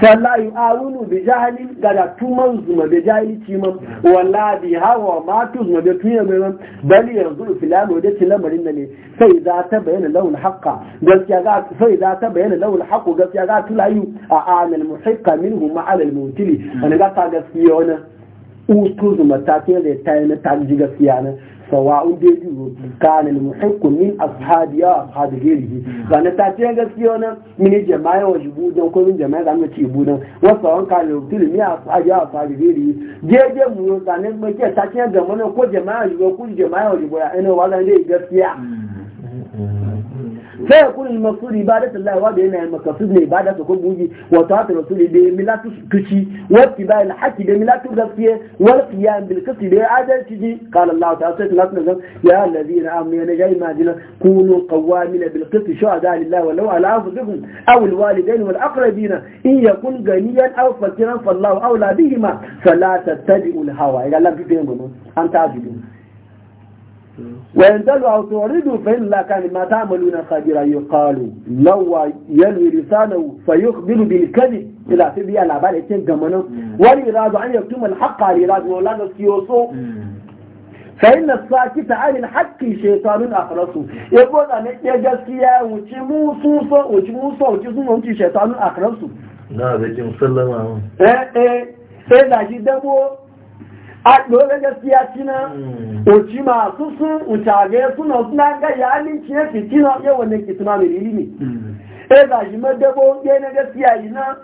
sallahi awunu bi jahli ga da tuman zuma bi jahli timan wallahi hawa ma tuzma bi tuya mai man bal yanzu filan da ci lamarin da ne sai za ta bayyana lahu al-haqqa gaskiya ga sai za ta bayyana lahu al-haqqu gaskiya ga tulayu a anal muhiqqa minhu ma al-mutili an ga ta gaskiya wannan utu zuma da ya tayi na ta gaskiya na sawa'un da yi kana da muhimmin min ashabi ya ashabi gari ba na tafiya gaskiya na mini jama'a wa jibu don ko min jama'a zama ci budan don wasu an ka ne rubutu ne ashabi ya ashabi gari jeje mu yi tsanin mai ke tafiya ce mana ko jama'a jibu ko jama'a wa jibu ina wa zan gaskiya فيكون المقصود عبادة الله وبين المقصود لعبادة كبوجي وطاعة الرسول بملا تشي واتباع الحكي الحق بملا تغفية والقيام بالقصة بالقسط بعدل تجي قال الله تعالى الله يا الذين آمنوا يا نجاي مادنا كونوا قوامنا بالقصة شهداء لله ولو على أنفسكم أو الوالدين والأقربين إن يكون غنيا أو فقيرا فالله أولى بهما فلا تتبعوا الهوى إذا لم تتبعوا أنت عزيزون وينزل أو تعرض فإلا كان ما تعملون خبيرا يقال لو يلوي لسانه فيخبر بالكذب إلى سبيل العبارة تنجمنا والإراد أن يكتم الحق على الإراد ولا نسيوسو فإن الساكت عن الحق شيطان أخرسه يقول أن يجسيا وشموسوسو وشموسو وشموسو شيطان أخرسه نعم بجي مسلمة إيه إيه إيه a dole gaskiya cina hmm. oci masu sun utage suna suna ga ya aminci ya fitina yawan da ke mai ilimi e hmm. eh, ba shi madabo ɗaya na gaskiya yi na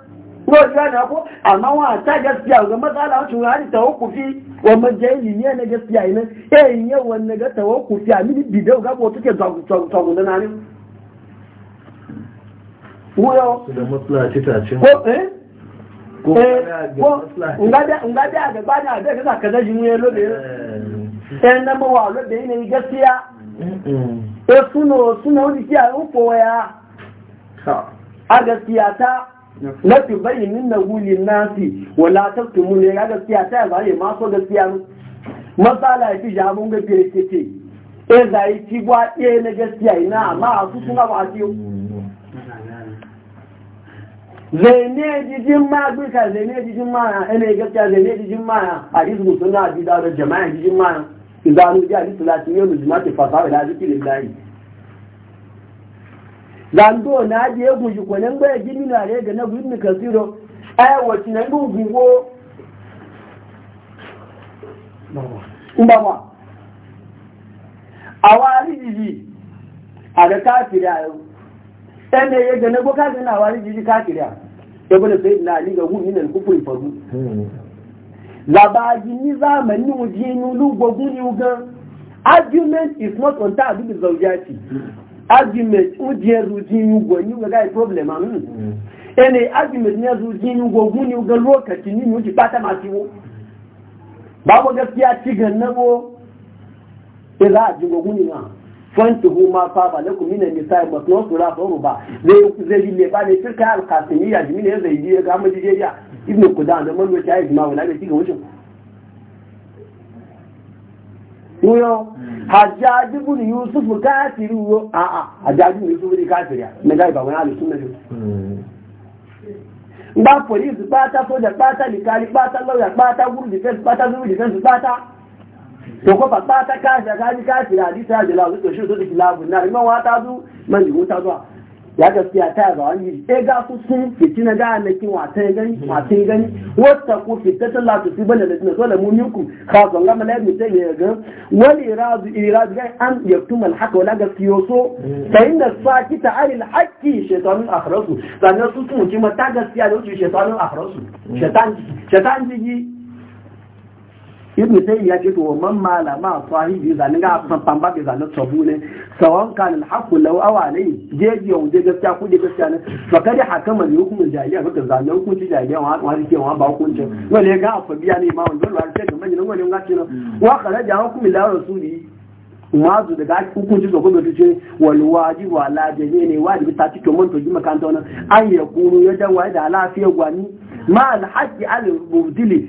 rojiya na ko amma wa ta gaskiya ga matsala wacce wa hali tawakufi wa majayi ne na gaskiya yi na yi eh, yawan na ga tawakufi a mini bidau ga ko take tsagunan na ne. Wuyo. Da matsala ce ta nga da ga ba na da ka na ba wa lobe ya a gaskiya ta na fi na wuli nasi wala ta eh, tumu e eh, eh, ne ga gaskiya ta ba ne maso gaskiya matsala ya fi jabon gaskiya ke ce e zai ci gwa ɗaya na gaskiya ina a su suna ba a zane jijin ma bisa zane jijin ma ene gaskiya zane jijin ma hadis mutum na jida da jama'a jijin ma idan mu ji hadis latin yau juma ta fasa da zikiri zai zando na je guji ko nan baya gini e na re ga na guji kasiro ai e wacin nan gugo umma awari jiji a da kafira yau ɗan da ya gane ko kafin na wani jiji kafiriya ya gwada sai na ali ga gumi na kufur faru labaji ni zamanin waje ni lugo guni uga argument is not on ta bi zaujati argument uje ruji ni ugo ni uga problem a am ene argument ni ruji ni ugo guni uga lokaci ni muji bata masiwo babu gaskiya ci ganna ko ila ji ugo guni na fankihu ma saba lakum min an-nisa'i masna sura fa ruba zai zai bi ba ne firka al-qasimiyya jimin ya zai ji ga mu ya ibnu qudan da wala wucin yo hajjaji bin yusuf kafiru a a hajjaji bin yusuf ne kafiri ga ba wani al-sunna ne ba police ba ta soja ba ta likali ba ta lawyer ba ta guru ba ta defense ba ta to ko ba ta kashi a kaji kashi da hadisa ya jila wasu shi zuwa kilabu na iman wa ta zu man jigo ta zuwa ya siya ta e ga wani ji ɗaya ga ku sun fiti na gaya na kin ta gani wasan gani wata ku fita ta latu fi bala ladina dole mu minkum khazan gama la yadda ya ga wal iradu iradu gai an yaktum al haqa wala gaskiyo so fa inna sakita al haqqi shaytanun akhrasu sanan su sun ji mata gaskiya da wuce shaytanun akhrasu shaytan shaytan ji ibn sai ya ce to man malama sahibi zani ga san ba da zani tabu ne sawan kan alhaq law awalai jeje on je gaskiya ku je gaskiya ne fa kada hakama ne hukumin jahiliya ba ka ku ji jahiliya wa wa ke wa ba hukunci wale ga biya ne ma wannan wa ce kamar ne wale ga ce wa kharaja hukumi la rasuli mazu daga hukunci ga gwamnati ce wal wajibu ala jami'i ne wajibi ta ci to mun to ji makanta wannan an ya kuru ya dawa da lafiya gwani ma alhaji al-mubdili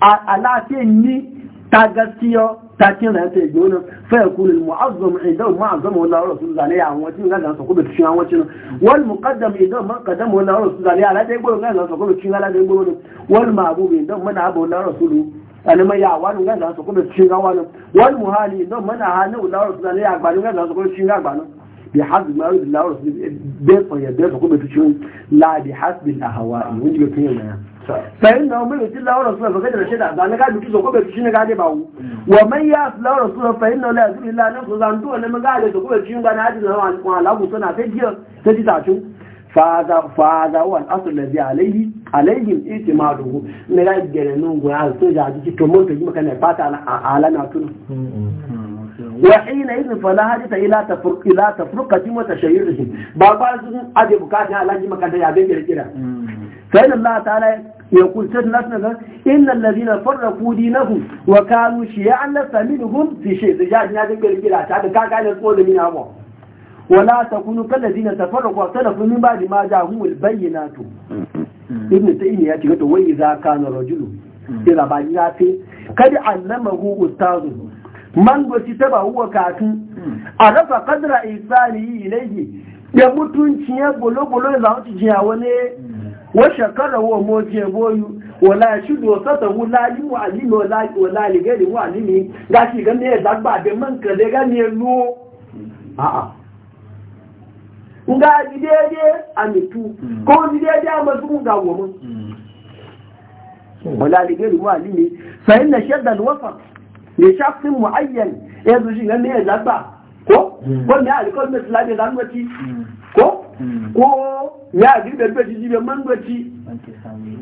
alafiya ni ta gaskiya ta kin da ta yi wani fayar kuli mu'azzam idan ma mu'azzam wala rasul zane ya an wacin gaza sa kuma cikin an wacin wal muqaddam idan ma qaddam wala rasul zane ya alade goro gaza sa kuma cikin alade goro wal ma'bub idan man abu wala rasul ani ma ya wani gaza sa kuma cikin wani wal muhali idan na ha ahani wala rasul zane ya agbani gaza sa kuma cikin agbani bi hasbi ma yuridu Allah rasul bai tsaya da kuma tuci la bi hasbi al-ahwa'i mun ji kai yana fa inna man yuridu Allah rasul fa kada shada ba na ga tuci ko bai tuci ga dai ba wa man yasla Allah rasul fa inna la yuridu Allah nafsu zan to ne mun ga da ko bai tuci ga na hadin wa Allah ku sana sai jiya sai ji tacu fada asl alayhi alayhim itimaduhu ne ga gere ja ji to fata ala na wa hina idin fala hajata ila tafruq ila mata wa tashayyuhi ba ba sun aje bukata alaji makanta ya bin kirkira sai Allah ta'ala ya kulce nas na ga innal ladina farraqu dinahum wa kanu shi'an la minhum fi shay da ya ya bin kirkira ta da kaga ne ko da ni abu wala takunu kal ladina tafarraqu wa talafu min ba'di ma tu? bayyinatu ibn taymiya ya ce to wai idza kana rajulu ila ba ya fi kad allamahu ustazu. man gosi ta ba huwa katu a rafa kadra isali ilaihi ya mutunci ya bolo-bolo za wuce jiya wani wa shakara wa moce boyu wala shi dosa ta wula yi wa alimi wala ligari wa alimi ga shi gane ya zagba da man kare gani gane lo a'a nga ji daidai a mitu ko ji daidai a masu ga goma wala ligari wa alimi sayin na shaddal wafa ne shafin mu'ayyan ya eh, zuci nan ne ya zaba ko hmm. ko ne a rikon da sulami da anwaci ko ko ne ya girbe da jiji da mangoci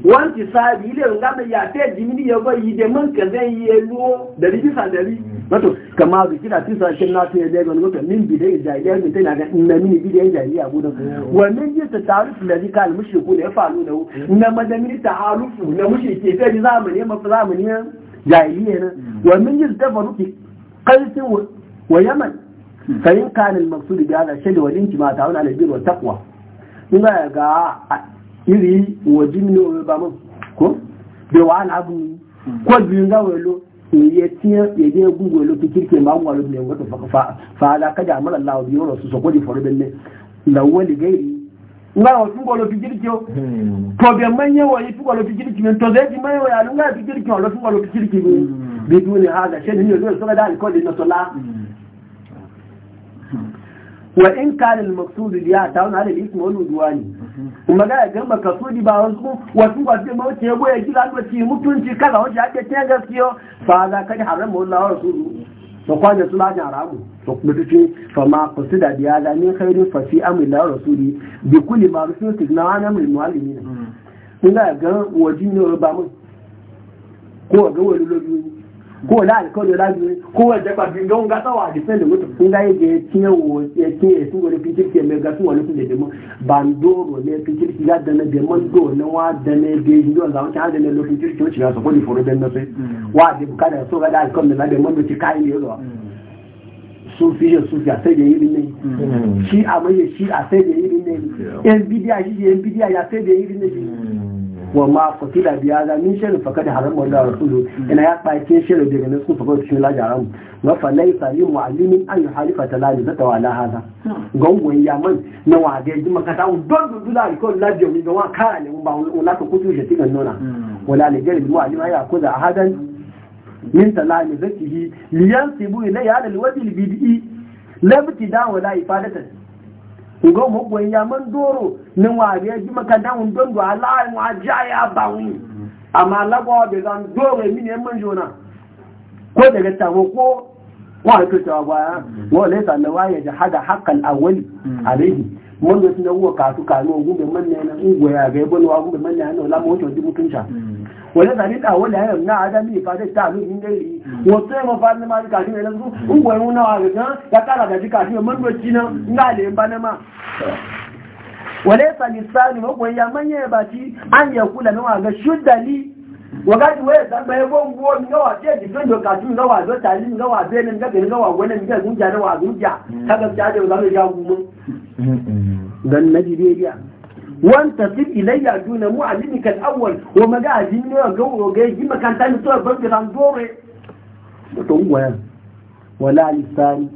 wanti sabi ile ga mai ya te jimini ya yi da man ka zai yi ruo da rijisa da ri hmm. wato kama da kina tisa shin na ta yadda ga nuka min bidai jahiliya min tana ga inna min bidai jahiliya gudan wannan yin ta tarif da zika al mushriku da ya faru da hmm. na madamin ta halufu na ke fiye zamani ma zamani jahiliya ne wa min yi dafa rufi kalsin wa yaman sayin kanin maksudu da ala shaidu wa linki ma ta'un ala biyar wa takwa in ga ga iri wa wa ba mun ko da wa ala abu ko biyu ga welo ya tiya ya kirke ma ne lawali gairi nga otungo lo pikirikyo problem hmm. mwenyewe yitungo lo pikirikyo ntozeji mwenyewe alunga pikirikyo lo tungo lo pikirikyo hmm. biduni hada sheni hiyo ndio soka dali kodi na sala hmm. wa in kana al maqsud ya tauna ala ismu wal udwani kuma ga ga makasudi ba wasu wasu ba sai mawuce boye kila an wace mutunci kaza wace ake tengaskiyo fa za ka haramu Allah wa fa kwaje suna ga ramu to kuma tace fa ma qasida biya da min khairu fa fi amri la rasuli bi kulli ma rusul tigna ana min muallimina hmm. ina ga wajin ne ba mu ko ga wani lobi ko la alkawari la biyu ko wanda ba bin don ga tsawa da sai da mutum sun ga yake wo ya tiye sun wani fikir ke mai ga sun wani sun da demo bandoro ne fikir ki ga da na demo do na wa da ne da yi don zaman ta da ne lo fikir ki ga so ko ni foro ben na sai mm. wa da so ga da alkawari na demo do ki kai ne yo sufi ya mm. sufi a sai yiri ne mm. shi a mai shi a sai yiri ne yan shi yan ya sai yiri ne wa ma kutila biya da min faka da haram Allah rasulu ina ya bace da daga nan su fa kawai cikin laji haram wa fa laisa li muallimin an yuhalifa zata wa la hada gongon ya man na wa ga ji makata un don don dula ko laji mi ga wa ka ne mun ba un la ka kutu shi tikan nona hmm. wala li jari muallim ya kuza ahadan min talalizatihi liyansibu ilayya al wajhi al bid'i labtida wala ifadatan ngo mo go ya man doro ni wa be ji maka da un don do ala wa aja ya ba wi amma la go be dan doro mi ne man jona ko daga ta ko wa ko ta ba wa le ta na wa ya hada haqqan awwali alayhi mun da ka su ka no gumbe man ne na ugo ya ga ibn wa gumbe man ne na la mo to wọ́n tàbí àwọn ẹ̀rọ náà adámi ìfàdé tààlú nílé yìí wọ́n gan ya a ń e hmm. hmm. yẹ wanta fi ilayya duna mu'allimika al-awwal wa maga ajin wa gawo ga yi makanta ni to ban ga dore to ngwaya wala lisani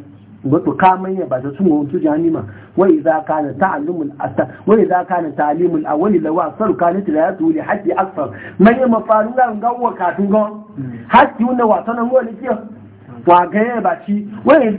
wato kaman ya ba ta sun wanzu janima wai za kana na ta'allumul asar wai idza kana na ta'alimul awwali law asar ka ni tilayatu li haddi akthar man ya mafaru ngawo ka katun gon hakki wannan wani kiyo wa ga ba ci wai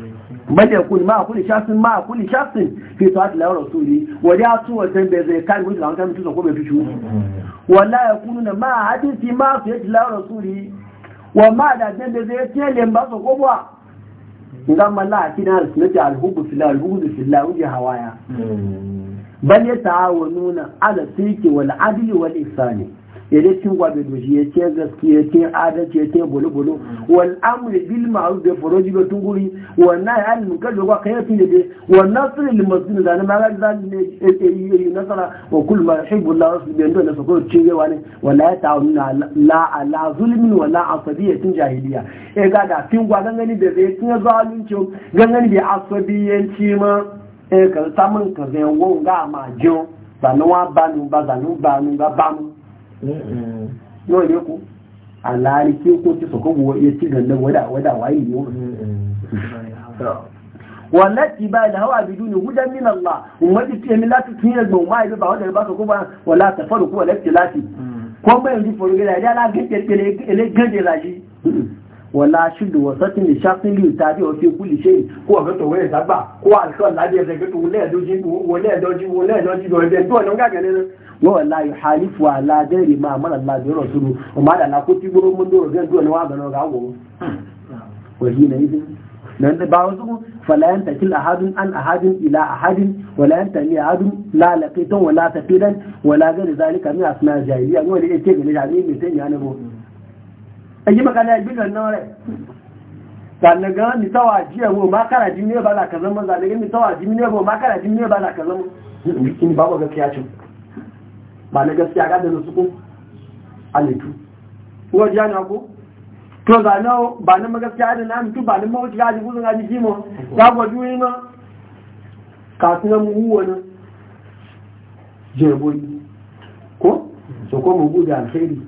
bada ya kuli ma'a kuli shasin a kuli shafin fi sa'ati la rasuli wadi asu wa tambe zai kai gudu an kan tuzo ko bai fitu walla ya kunu na ma'a hadisi ma su yati la rasuli wa ma da tambe zai ce le ba so ko ba ngan malla kina sunnati al hubu fil al hubu fil la wuji hawaya bal yata'awununa ala sirki wal adli wal ihsani yadda cin gwabe da shi ya ce gaskiya ya ce adalci ya ce bolo-bolo wani amur bil ma'aru da furoji da tunguri wannan ya halin kan da kai yafi da dai wannan sirri limasu da zanen magar da yi yi nasara wa kul ma hibbu la wasu da yadda na sako cin yawa wani wala ya ta'awun na la'ala zulmin wala asabiyatin jahiliya ya e ga da cin gwa gangani da zai cin zalunci gangani da asabiyanci ma e ka samun ka zai ga ma jiyo zanen wa banu ba zanen banu ba banu yau ne ku alhali ke ko ci sako buwa iya ci gandan wada wada waye ne wallati ba da hawa biduni hudan min Allah ummati ce min lati tun yanzu ma ba wanda ba ka kuma wala tafaru ko lati lati mm. ko mai yi foro gida ya la gaje tele ele gaje shi. wala shudu wa satin da shafin liyu tare wa fi kuli shi ko a gato wani sabba ko a alkawar lafiya da gato wani yadoji wani yadoji wani yadoji da yi ma mara la amma na ko ti nan da an ila wala yake gani da ẹ̀yí makana ìgbìgbà náà rẹ̀ tànàgá ní tàwà jí ẹ̀wọ̀n bá kàrà jí ní ọba làkàzọ́ mọ́ tànàgá ní tàwà jí ní ọba kàrà jí ní ọba làkàzọ́ mọ́ ní bá wọ́gẹ́ kíá cin ba na gaskiya ga da na suku alitu wọ́n jẹ́ na ku to ba na ba na magaskiya da na mutu ba na mawuci ga ji gudun aji jimo ta gwaju yi ma kasuwan mu wani jeboi ko so ko mu gudu alheri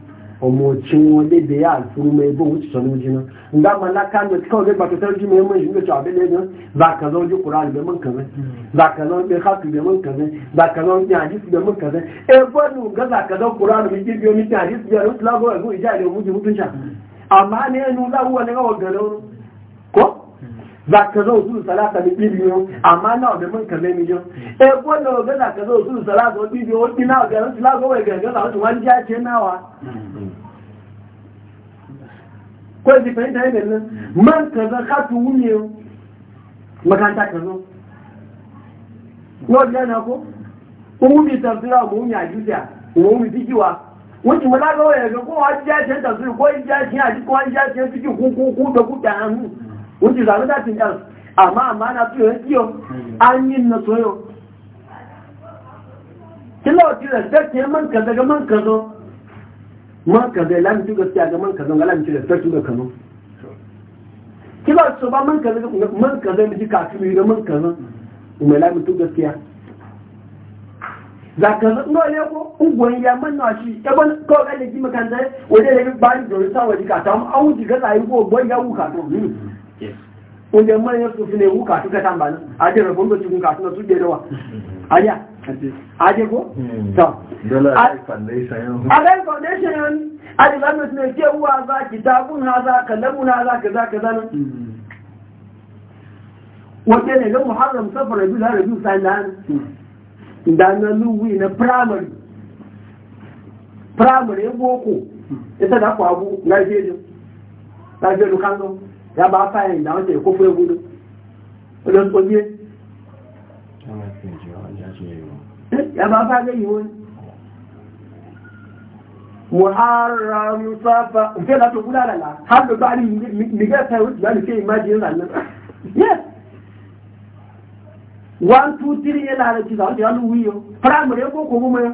omocin wani da ya alfuru mai bin wuce sanu jina nga malaka ne kawai zai baka sarki mai mun shiga cewa da mun kaza za ka zo ji da mun kaza za ka zo ji da mun kaza e banu ga za ka zo qur'ani mai gibiyo ni hadisi da rusul lago ga ija ga ko za ka zo su salata ni bibiyo amma na da mun kalle ni yo e gona ga za ka zo su salata ni bibiyo ina ga ran sala go ga ga za su wani ja ce nawa ko di fa ina ne man ka za ka tu wuni makanta ka zo no da na ko umu bi tafsira mu ya juja umu bi tikiwa wani ga ga ko wa ja ce tafsir ko ja ce a ji ko ja ce ku ku ku da ku hannu wuce zaɓi datin ɗan amma amma na tuyo ya kiyo an yi na soyo kila wata respect ya man kaza man kazo man kaza lamci gaskiya ga man kazo ga lamci respect ga kano kila su ba man kaza man kaza miji kafin yi ga man kaza mai lamci gaskiya za ka zo ne ko ungon ya man shi ta ban da wajen da da ta mu an wuce ga zai go ya wuka oúnjẹ mọ́ ẹyẹ tó fi na wú kàtún kẹta ń bà ní ajé rẹ̀ fún lójú kàtún náà tún jẹ́ lọ́wà ajá ajé hmm. foundation yẹn adé lánàá tí lè jẹ́ owó azá kìtà bún azá kẹlẹ́mún azá kẹzá kẹzá náà hmm. wọ́n jẹ́ lè lọ́wọ́ haram sọ́fọ̀ rẹ̀ bí lọ́wọ́ rẹ̀ bí sáyẹn lánàá hmm. ìdáná lúwú iná primary primary ń bó kù ìtẹ́dàpọ̀ àbú láìpẹ́ jù láìpẹ́ ya ba fáyẹ̀ ìdáwọn tẹ̀ ya ba fáyẹ̀ yìí wọ́n muharram safa nke láti ogúdó àlàlà har da bari miguel fẹ́ wọ́n ti láti fẹ́ imagine lálẹ́ yes one two three yẹ́ lára ti sàwọn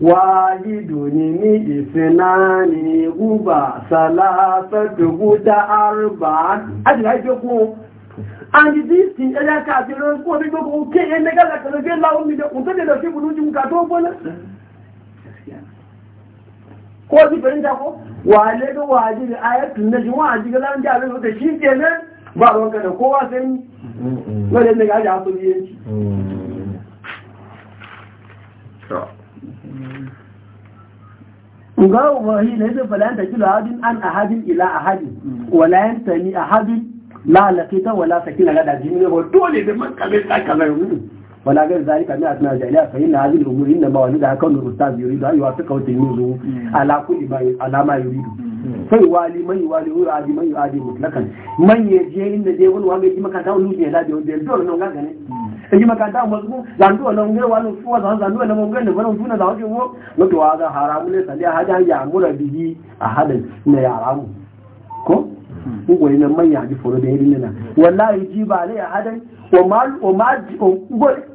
waliduni ni isinani guba salasatu guda arba adi la joko and this thing ka káàkiri ló kó ní gbogbo ké ẹnẹ́gá lẹ́kẹ̀lẹ́ gbé láwọn mi lẹ́kùn tó lè lọ sí ìbùdó jùmù ká tó gbọ́nà kó sí pẹ̀lú ìjàkó wà lẹ́gbẹ́ wà jírí ayẹ́tù lẹ́jì wọ́n àjírí láńjẹ́ àrẹ́ ló tẹ̀ sí náà àwọn kó wá sẹ́yìn ga hi ne da falan ta kilo hadin an ahadin ila ahadin wala ni ahadin la laqita wala sakina la dajin ne ba dole da man kabe ta kaza wala ga zalika ne asna jaliya fa inna hadin al-umuri inna ma da kan ustaz yuridu ta yuwafiqa wa tilmizu mm. ala kulli ba ala ma yuridu sai wali mai wali wuri adi mai adi mutlakan man ya je inda je wani wanga ji makanta wani ne labi wanda ya dole nan gane ji makanta wasu ku zandu wala wani wani lu fuwa zan zandu wala mun gane wani suna da wace wo wato wa ga haramu ne sali a haja ya mura bihi a halin na ya haramu ko ugwai na man ya ji foro da yin nan wallahi ji ba ne a hadan o ma o ma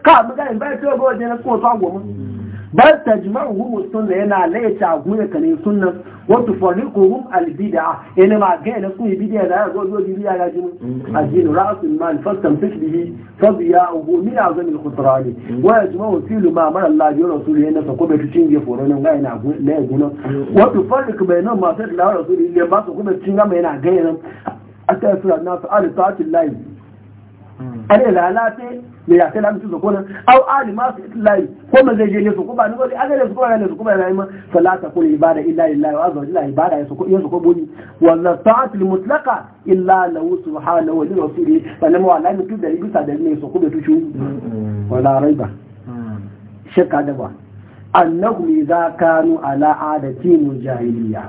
ka mu ga in bai to go je na ko to gomu bal tajma'uhum sunna yana laita gure kane sunna wa tufarriquhum al bid'a yana ma ga na su bid'a da go go bid'a ga jin ajin ra'sul mal fastamsik bihi fadiya'uhu min azam al waya wa yajma'u filu ma amara Allah ya rasul yana sa ko betu cinje foro nan ga yana na guna wa tufarriqu bainahum ma fa la rasul illa ba su kuma cinga mai yana ga yana a sura nasu al ta'atil lahi ale lalace da ya sai mutu zakona au alima su itlai ko ma zai je ne su ba ni gori agare su ba ne su ba ne ma salata kul ibada illa lillahi wa azza wa ibada ya su ko su ko boni wa ta'at al mutlaqa illa lahu subhanahu wa rasuli sannan wa la tu da bisa da ne su kuma tuci wala raiba shakka da ba annahum idza kanu ala adati mujahiliya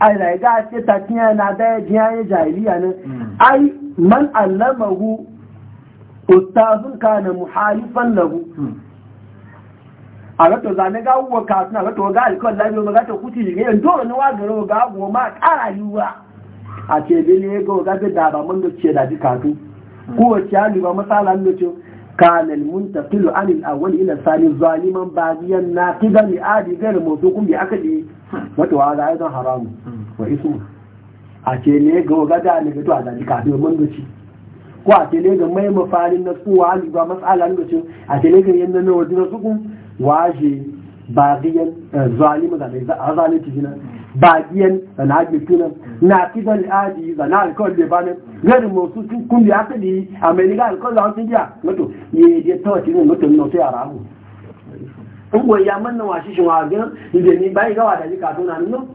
ai ga ce ta tiyana da jiya jahiliya ne ai man allamahu ustazun na muhalifan lagu hmm. a rato zane ga uwa kasu na rato ga alikon labiyo ma gata kuti ne yan dole ne wagaro ga abuwa ma kara yiwuwa a ce bele ya ga ga da ba mun ce da jikatu hmm. kowace hali ba matsala ne ce kana almuntaqilu an al-awwal ila sani zaliman bagiyan naqidan li adi ghayr aka bi akli hmm. wato wa ga a haramu wa ismu a ce ne ga ga ne ga to a da jikatu mun ce ko a tele ga mai mafarin na su wa ba matsala ne ce a tele ga yanda na wajen su kun waje bagiyan eh, zalimi da mai zalunci jina bagiyan da na gifina na kidan adi da na alkawar da ba ne garin masu sun kun da aka di a mai niga alkawar da hankali ya wato ya je tawaci ne mutum na sai a rahu ungwa ya na washi shi wa ga da ni bai gawa da jika to na nan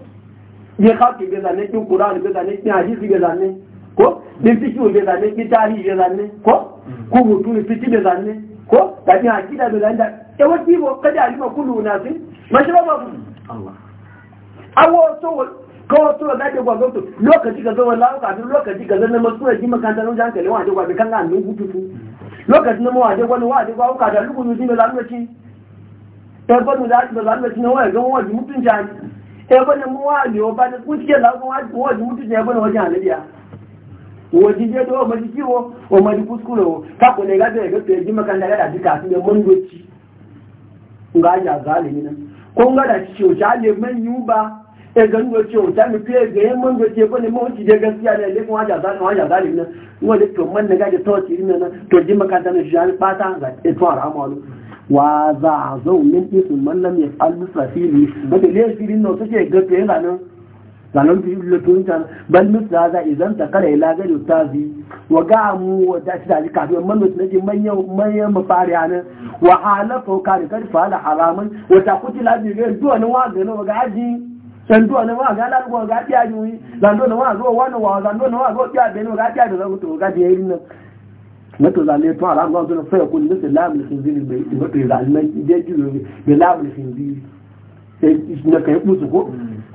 ya ka ki ga ne kin qur'ani ga ne kin hadisi ga ne ko din fiki bai zane ki tarihi bai zane ko mm. ko hutu fiki bai zane ko da ni akida bai zane da e ya wati bo kada alima kullu nasi mashraba Allah awo to ko to da ke gwa goto lokaci ga zo wallahi ka duk lokaci ga zanna masu da jima na wajen hankali wa da gwa kan nan hutu mm. lokaci na mawa da gwa wa da gwa ka da lugu ne e da lokaci ta gwanu da ba zan mace na waya ga wa mutunci ta gwanu mu wa ne ba da kuke da wa mutunci ya gwanu wajen halabiya wajije to ma ji kiwo o ma ji kuskure ka e e ko ne ga da ga to a makan da da dika su da mun doci ga ya zalimi nan ko ga da ciwo ta le man yuba e ga ndo ciwo ta mi pe ga mun doci ko ne mun ji gaskiya ne le ko haja zalimi haja zalimi ne ko da to man ga da to ci nan to ji makan da shi an fata ga e to aramalu wa za zo min isu man lam yaf'al misla fili da le filin no suke ga to yana nan sanan fi yi tun can bal misli a idan ta kare ila gari zi. wa ga mu wa da shi da kafin man mutum nake manyan manyan mafari hanin wa halafa ka da karfa da haramun wa ta kuti labi ga duwa na waga na waga aji san duwa na waga la duwa ga tiya ji zan na waga wani wa zan duwa na waga tiya da ga tiya da zaku ga tiya irin nan mato zale to ala ga zuwa fa yakun misli lamul khinzir bai mato zalman je ji bai lamul khinzir sai na kai kusu ko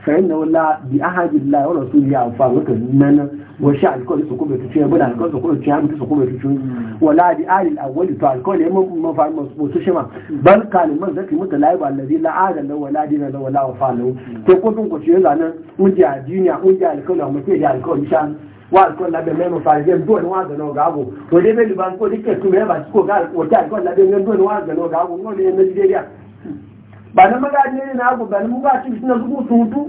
فإنه لا بأحد الله ورسوله يعفى وكذننا وشاء الكل سكوبة تشيه بدا الكل سكوبة تشيه بدا سكوبة تشيه ولا بآل الأول فعل الكل يما مفعل مصبوط شما بل قال من ذكي متلاعب الذي لا عاد له ولا دين له ولا وفاء له تقول تنكو شيء لنا ونجي الدنيا ونجي الكل ومتيه الكل شان والكل لابد منه فارجين دون واحد لو جابوا ودي بالبانكو دي كتير بس كو قال وتعال كل لابد منه دون واحد لو جابوا نقول إن الجيريا Bana na ne na mu ba na magaji suna zuku tutu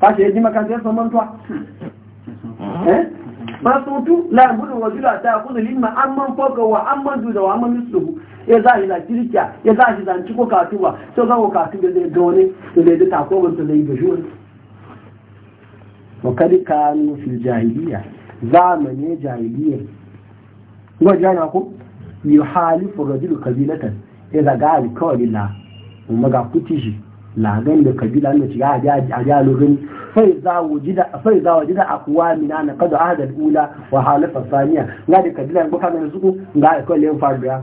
ta ce sai makarantar sun mantuwa ma hmm. eh? tutu la gudu wa jula ta kudu limma an man wa an man wa an man ya za shi na kirkiya ya za shi zanci ko katuwa to ga ko katu da zai ga wani da zai da takobin ta zai ga shi wani wa kadi kanu fil jahiliya zamane jahiliya jana ku yuhalifu rajulu kabilatan ya kawai alkawalillah kuma ga kuti shi lagan da kabila da shiga a jalogin Sai za waje da akuwa mina na kada a hadar ula wa halafa saniya ga da kabila da bukatar da suku ga a kwallon yin faruwa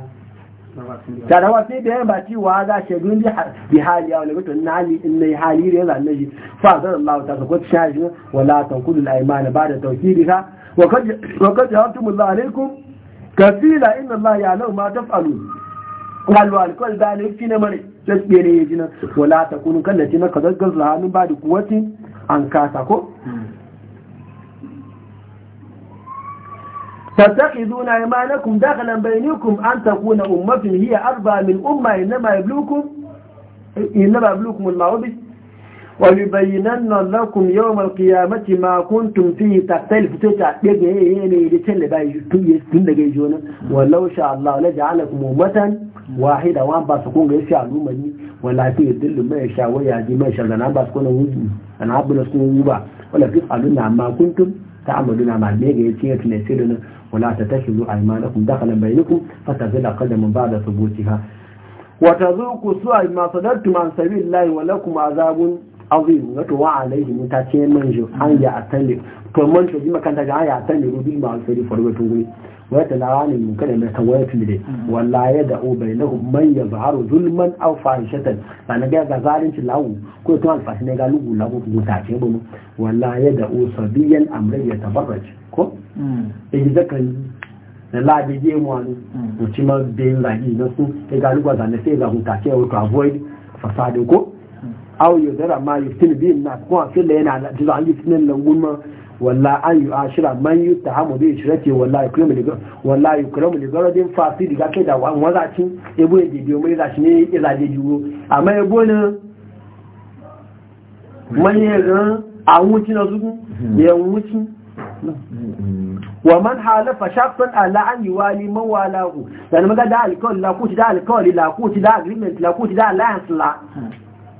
tarawa sai da yan baci wa za shi gun bi hali ya wani mutum na hali in na hali da ya zanne shi fa zan Allah ta sako ta shi wala ta kudu al-aymana ba da ha? wa kad wa kad yahtumullahu alaikum kafila inna Allah ya'lamu ma taf'alun qalu al-kul da ne fi na mare jaske ne ya ji nan wala ta kunu kan da ce na kazaggar zuhannun ba da kuwacin an kasa ko tattakizu na yi manakun dakalan bayanikun an ta kuna ummafin arba min umma inna ba blukun ulma wani bayanan nan yau malki mace makon tumfi ta tsayi fito ta ɗaga yanayi da can da bayan tun daga yi jonan wallau sha Allah wale ja'alakum ummatan wahida wa ba su kunga yasi alumani wala fi dillu mai shawaya ji mai sha Na ba su kuna wuzu ana abu da sun yi ba wala fi aluna ma kuntum ta amaduna ma ne ga yace yake ne sai da wala ta tashilu aymanakum dakhala bainakum fatazila qadamun ba'da thubutiha wa tazuku su ma sadattum man sabilillahi wa lakum azabun azim wato wa alaihim ta ce manjo an ya atali to man to ji makanta ga ya atali rubi ma alfari farwatun guri wata lawanin munkar da kan waya tun dai mm. wallahi da o bai lahu man yazharu zulman aw fahishatan sanan ga ga zalunci lawu ko to alfashi ne ga lugu lawu ko ta ce bu wallahi da o sabiyan amrai ya tabarraj ko mm. eh zakan da labi je mu an mutima mm. bin lagi na su ga lugu ga ne sai ga hutace wato avoid fasadin ko aw yudara ma yuftin bihin na kuma fi da yana da zan yi tunan nan gulma walla an yu ashira man yu tahamu bi shirati walla yukramu ligar walla yukramu ligar din fasi diga kai da wan wazacin ebo ya e biyo mai e zaci ne ya e zaje juro amma ebo ne man ya ran a wuci na zugu hmm. ya wuci wa man halafa shaqqan ala an yuwali man walahu dan maga da alkawli la da alkawli la kuti da agreement la kuti da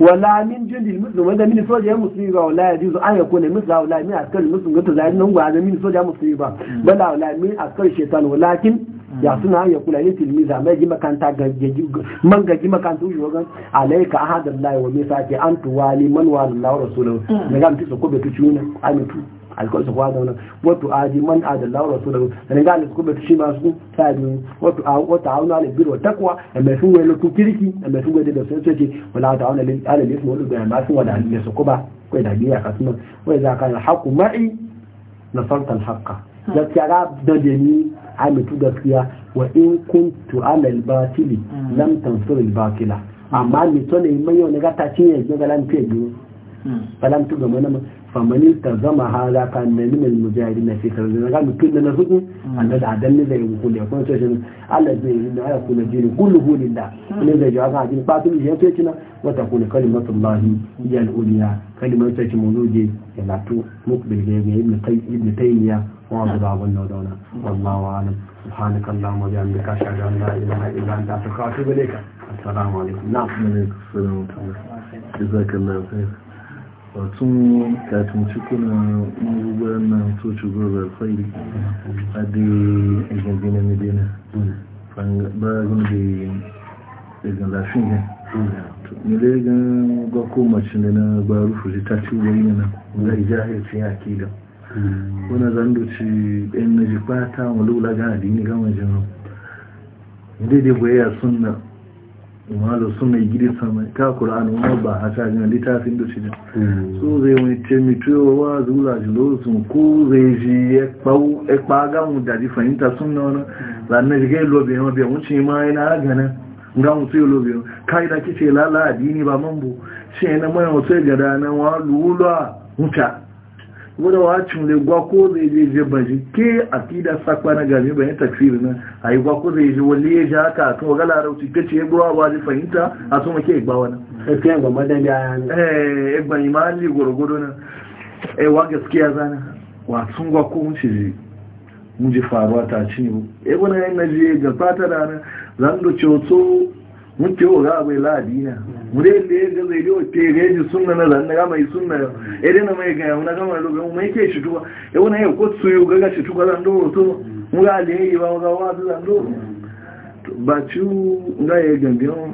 wala min jundil muslim wanda min soja musulmi ba wala ya jizo an yakuna misla wala min askar muslim ba mm. bala wala min askar shaitan walakin mm. ya suna ya kula ne tilmiza mai ji makanta gaji man gaji makanta shi wagan alaika ahadallahi a misaki an tuwali man wa Allah rasuluhu mm. daga mutu alkawai su kwaga wani wato aji man a adallahu rasulahu da ne gane su kuma shi ma su sabi wato a wata auna ne biro takwa da mai sun wani kirki da mai sun wani da sun ce wala ta auna ne ala ne su wani da ma sun wada ne su kuma kai da biya ka sunan wai za ka haƙu ma'i na sartan haƙa gaskiya ga da ni a mutu gaskiya wa in kuntu amal batili lam tansur al batila amma ni to ne mai yau ne ga ta cinye ga lan fiye balam tu gama nama فمن التزم هذا كان من المجاهدين في سبيل الله قال كل نفسه أن العدل زي يقول يكون تشن على الدين على كل دين كله لله ان اذا جاء هذا الباطل جهتنا وتكون كلمة الله هي الأولياء كلمة تشي موجودة يلاتو مقبل جيبي ابن قيم ابن تيمية وعبد الله بن والنودونا والله أعلم سبحانك اللهم وبحمدك أشهد أن لا إله إلا أنت أستغفرك وأتوب إليك السلام عليكم نعم السلام عليكم جزاك الله خير ọ̀tún kàtúntìkúnà na náà tó ṣùgbọ́n rẹ̀ fáìlì adé ìgbàgbìnà mìdínà báyìí da ìgbàláfin gan macin na gbaru fuli ta ci wani yana ga ijahir fi akida wani zandoci ɗan na jifata wani wula ga adini ga wajen daidai goyaya sunna malo suna gidi sama ka qur'ani ma ba haka ga litafin da shi hmm. so zai wani temi tuyo wa zula jilo sun ko zai ji ya pau e paga mu da fahimta sunna wannan hmm. dan ne ga lobe ma be mun ci ma ina gana nga mu yi lobe kai da kice lala addini ba mambo shi na mai wato ga da nan wa lula muta wadda wacin da gwako zai je je baji ke a tida sakwa na gami bayan tafiyar nan a yi gwako zai je wale ya ji haka a kuma gala rauci ta ce gwa ba ji fahimta a su make igba wani ƙarfiyan ba madan eh, ya yana eh igba imali gwargwado na eh wa gaskiya zana wasun gwako mun shi ji mun ji faruwa ta ci ne eh wani yan je ga fata da nan zan da cewa muke ora bai ladina mure le ga zai do te ga ji sunna na zan ga mai sunna idan na mai ga na ga mai lobe mai ke shi tuwa e wona ya ko su yo ga shi tuwa zan do to mura le yi ba ga wa zan do ba ci ga ya gambe on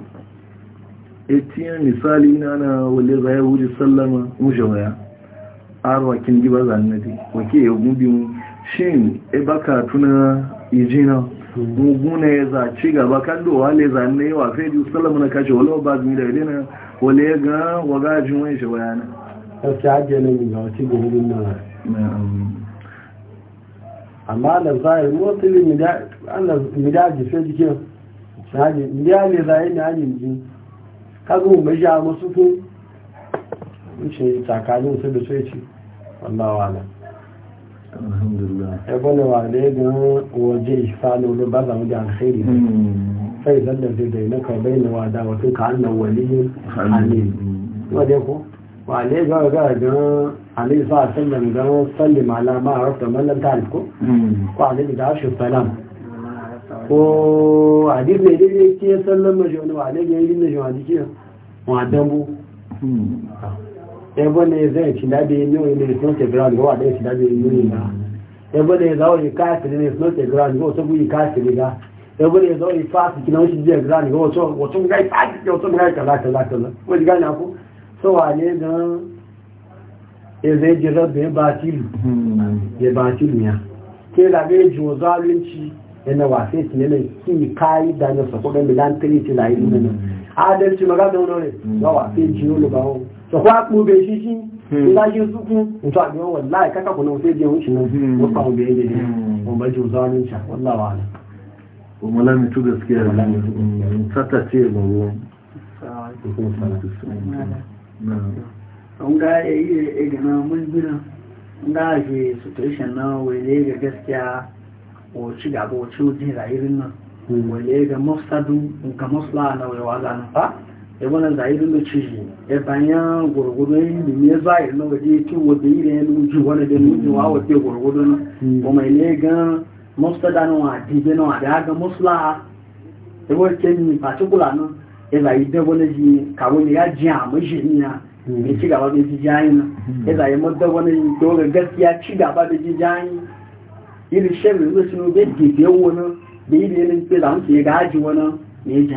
etiyan misali na na wale zai wuri sallama mu jawaya arwa kin giba zan nadi wake ya gubi mu shin e baka tuna ijina guguna ya za ci gaba kan dowa ne zane yi wa fai di salamu na kashe wala ba mi da wale ya ga waga jin wani shi bayana sai aje ne ga wata gugun nan amma da zai motsi mi da Allah mi da ji sai jikin sai mi da ne zai na ajin ji kaga mai ja masu ku wuce ce tsakanin su da sai ci wallahi wala ẹgbọ́n wa rẹ̀ gan wọ́n jẹ́ ìfàlù ló bá zàwọn jẹ́ Sai fẹ́ ìlànà dídẹ̀ iná kan bẹ́ẹ̀ ni wà dá wọ́n tó kàá nà wọlé àlè ko wa kú wà ga gan ọ̀gá gan alẹ́ ìfà sẹ́lẹ̀ gan sẹ́lẹ̀ mà lá máa rọ́pẹ̀ mọ́lẹ̀ tààlì kó kó alẹ́ ìgbà aṣọ sẹ́lẹ̀m kó àdìgbò ìdílé kí ẹ sẹ́lẹ̀ mọ́ṣọ́ ni wà lè gan ìdílé wa àdìgbò wọn ebe ne zai ci dabe yin yiwu ne snow the ground gowa ɗaya ci dabe yin yiwu na ebe ne zawo yi kafiri ne snow the ground gowa sabu yi kafiri ga ebe ne zawo yi fasi kina wuce jiya ground gowa so wato mu gai fasi ke wato mu gai kaza kaza kaza wani gani ku so wa hmm. e ne ya ke yana su ne ki kayi da na sako milan tiri ti layi nuna adalci magana wani ne ba ji wani ba sọ̀kọ́ àpòbè ṣíṣí ìláyé zúkún ìtọ́ àgbẹ̀wọ̀n wọ̀ láì kákàkùn náà tó jẹun ṣìnà wọ́n pa òbí ẹgbẹ̀ ní ọmọ jù zọ́rin ṣà wọ́n láwà rẹ̀. ọmọ lámì tó gaskiya rẹ̀ sátà tí ẹ̀ lọ́wọ́ nga iya egana mulbina nga ake situation na wele ga gaskiya o ci gaba o ci ojin rayuwar nan hmm. wele ga mafsadu ga mafsala na wewa fa ẹgbọ́n náà ìlú ló ṣe yìí ẹ̀bàyà gbòrògbòrò ìlú ní ẹzọ́ àìlú ọdí tí wo dé ilẹ̀ ẹnu jù wọ́n lẹ́dẹ̀ ní ìwà òdí gbòrògbòrò náà ọmọ ilé gan mọ́sítọ́dá náà àdìgbẹ́ náà àdáàgá mọ́sílá ẹgbọ́n ṣe ní pàtíkùlà náà ẹ̀bà ìdẹ́gbọ́n náà yìí kàwé ni yá jẹ́ àmọ́ ìṣe níyà mai ci gaba da jijayin ya zaye madda wani dole gaskiya e ci gaba da jijayin irin e shirin zai sinu bai gefe wani da yi da yanin yi da ke gaji yi ne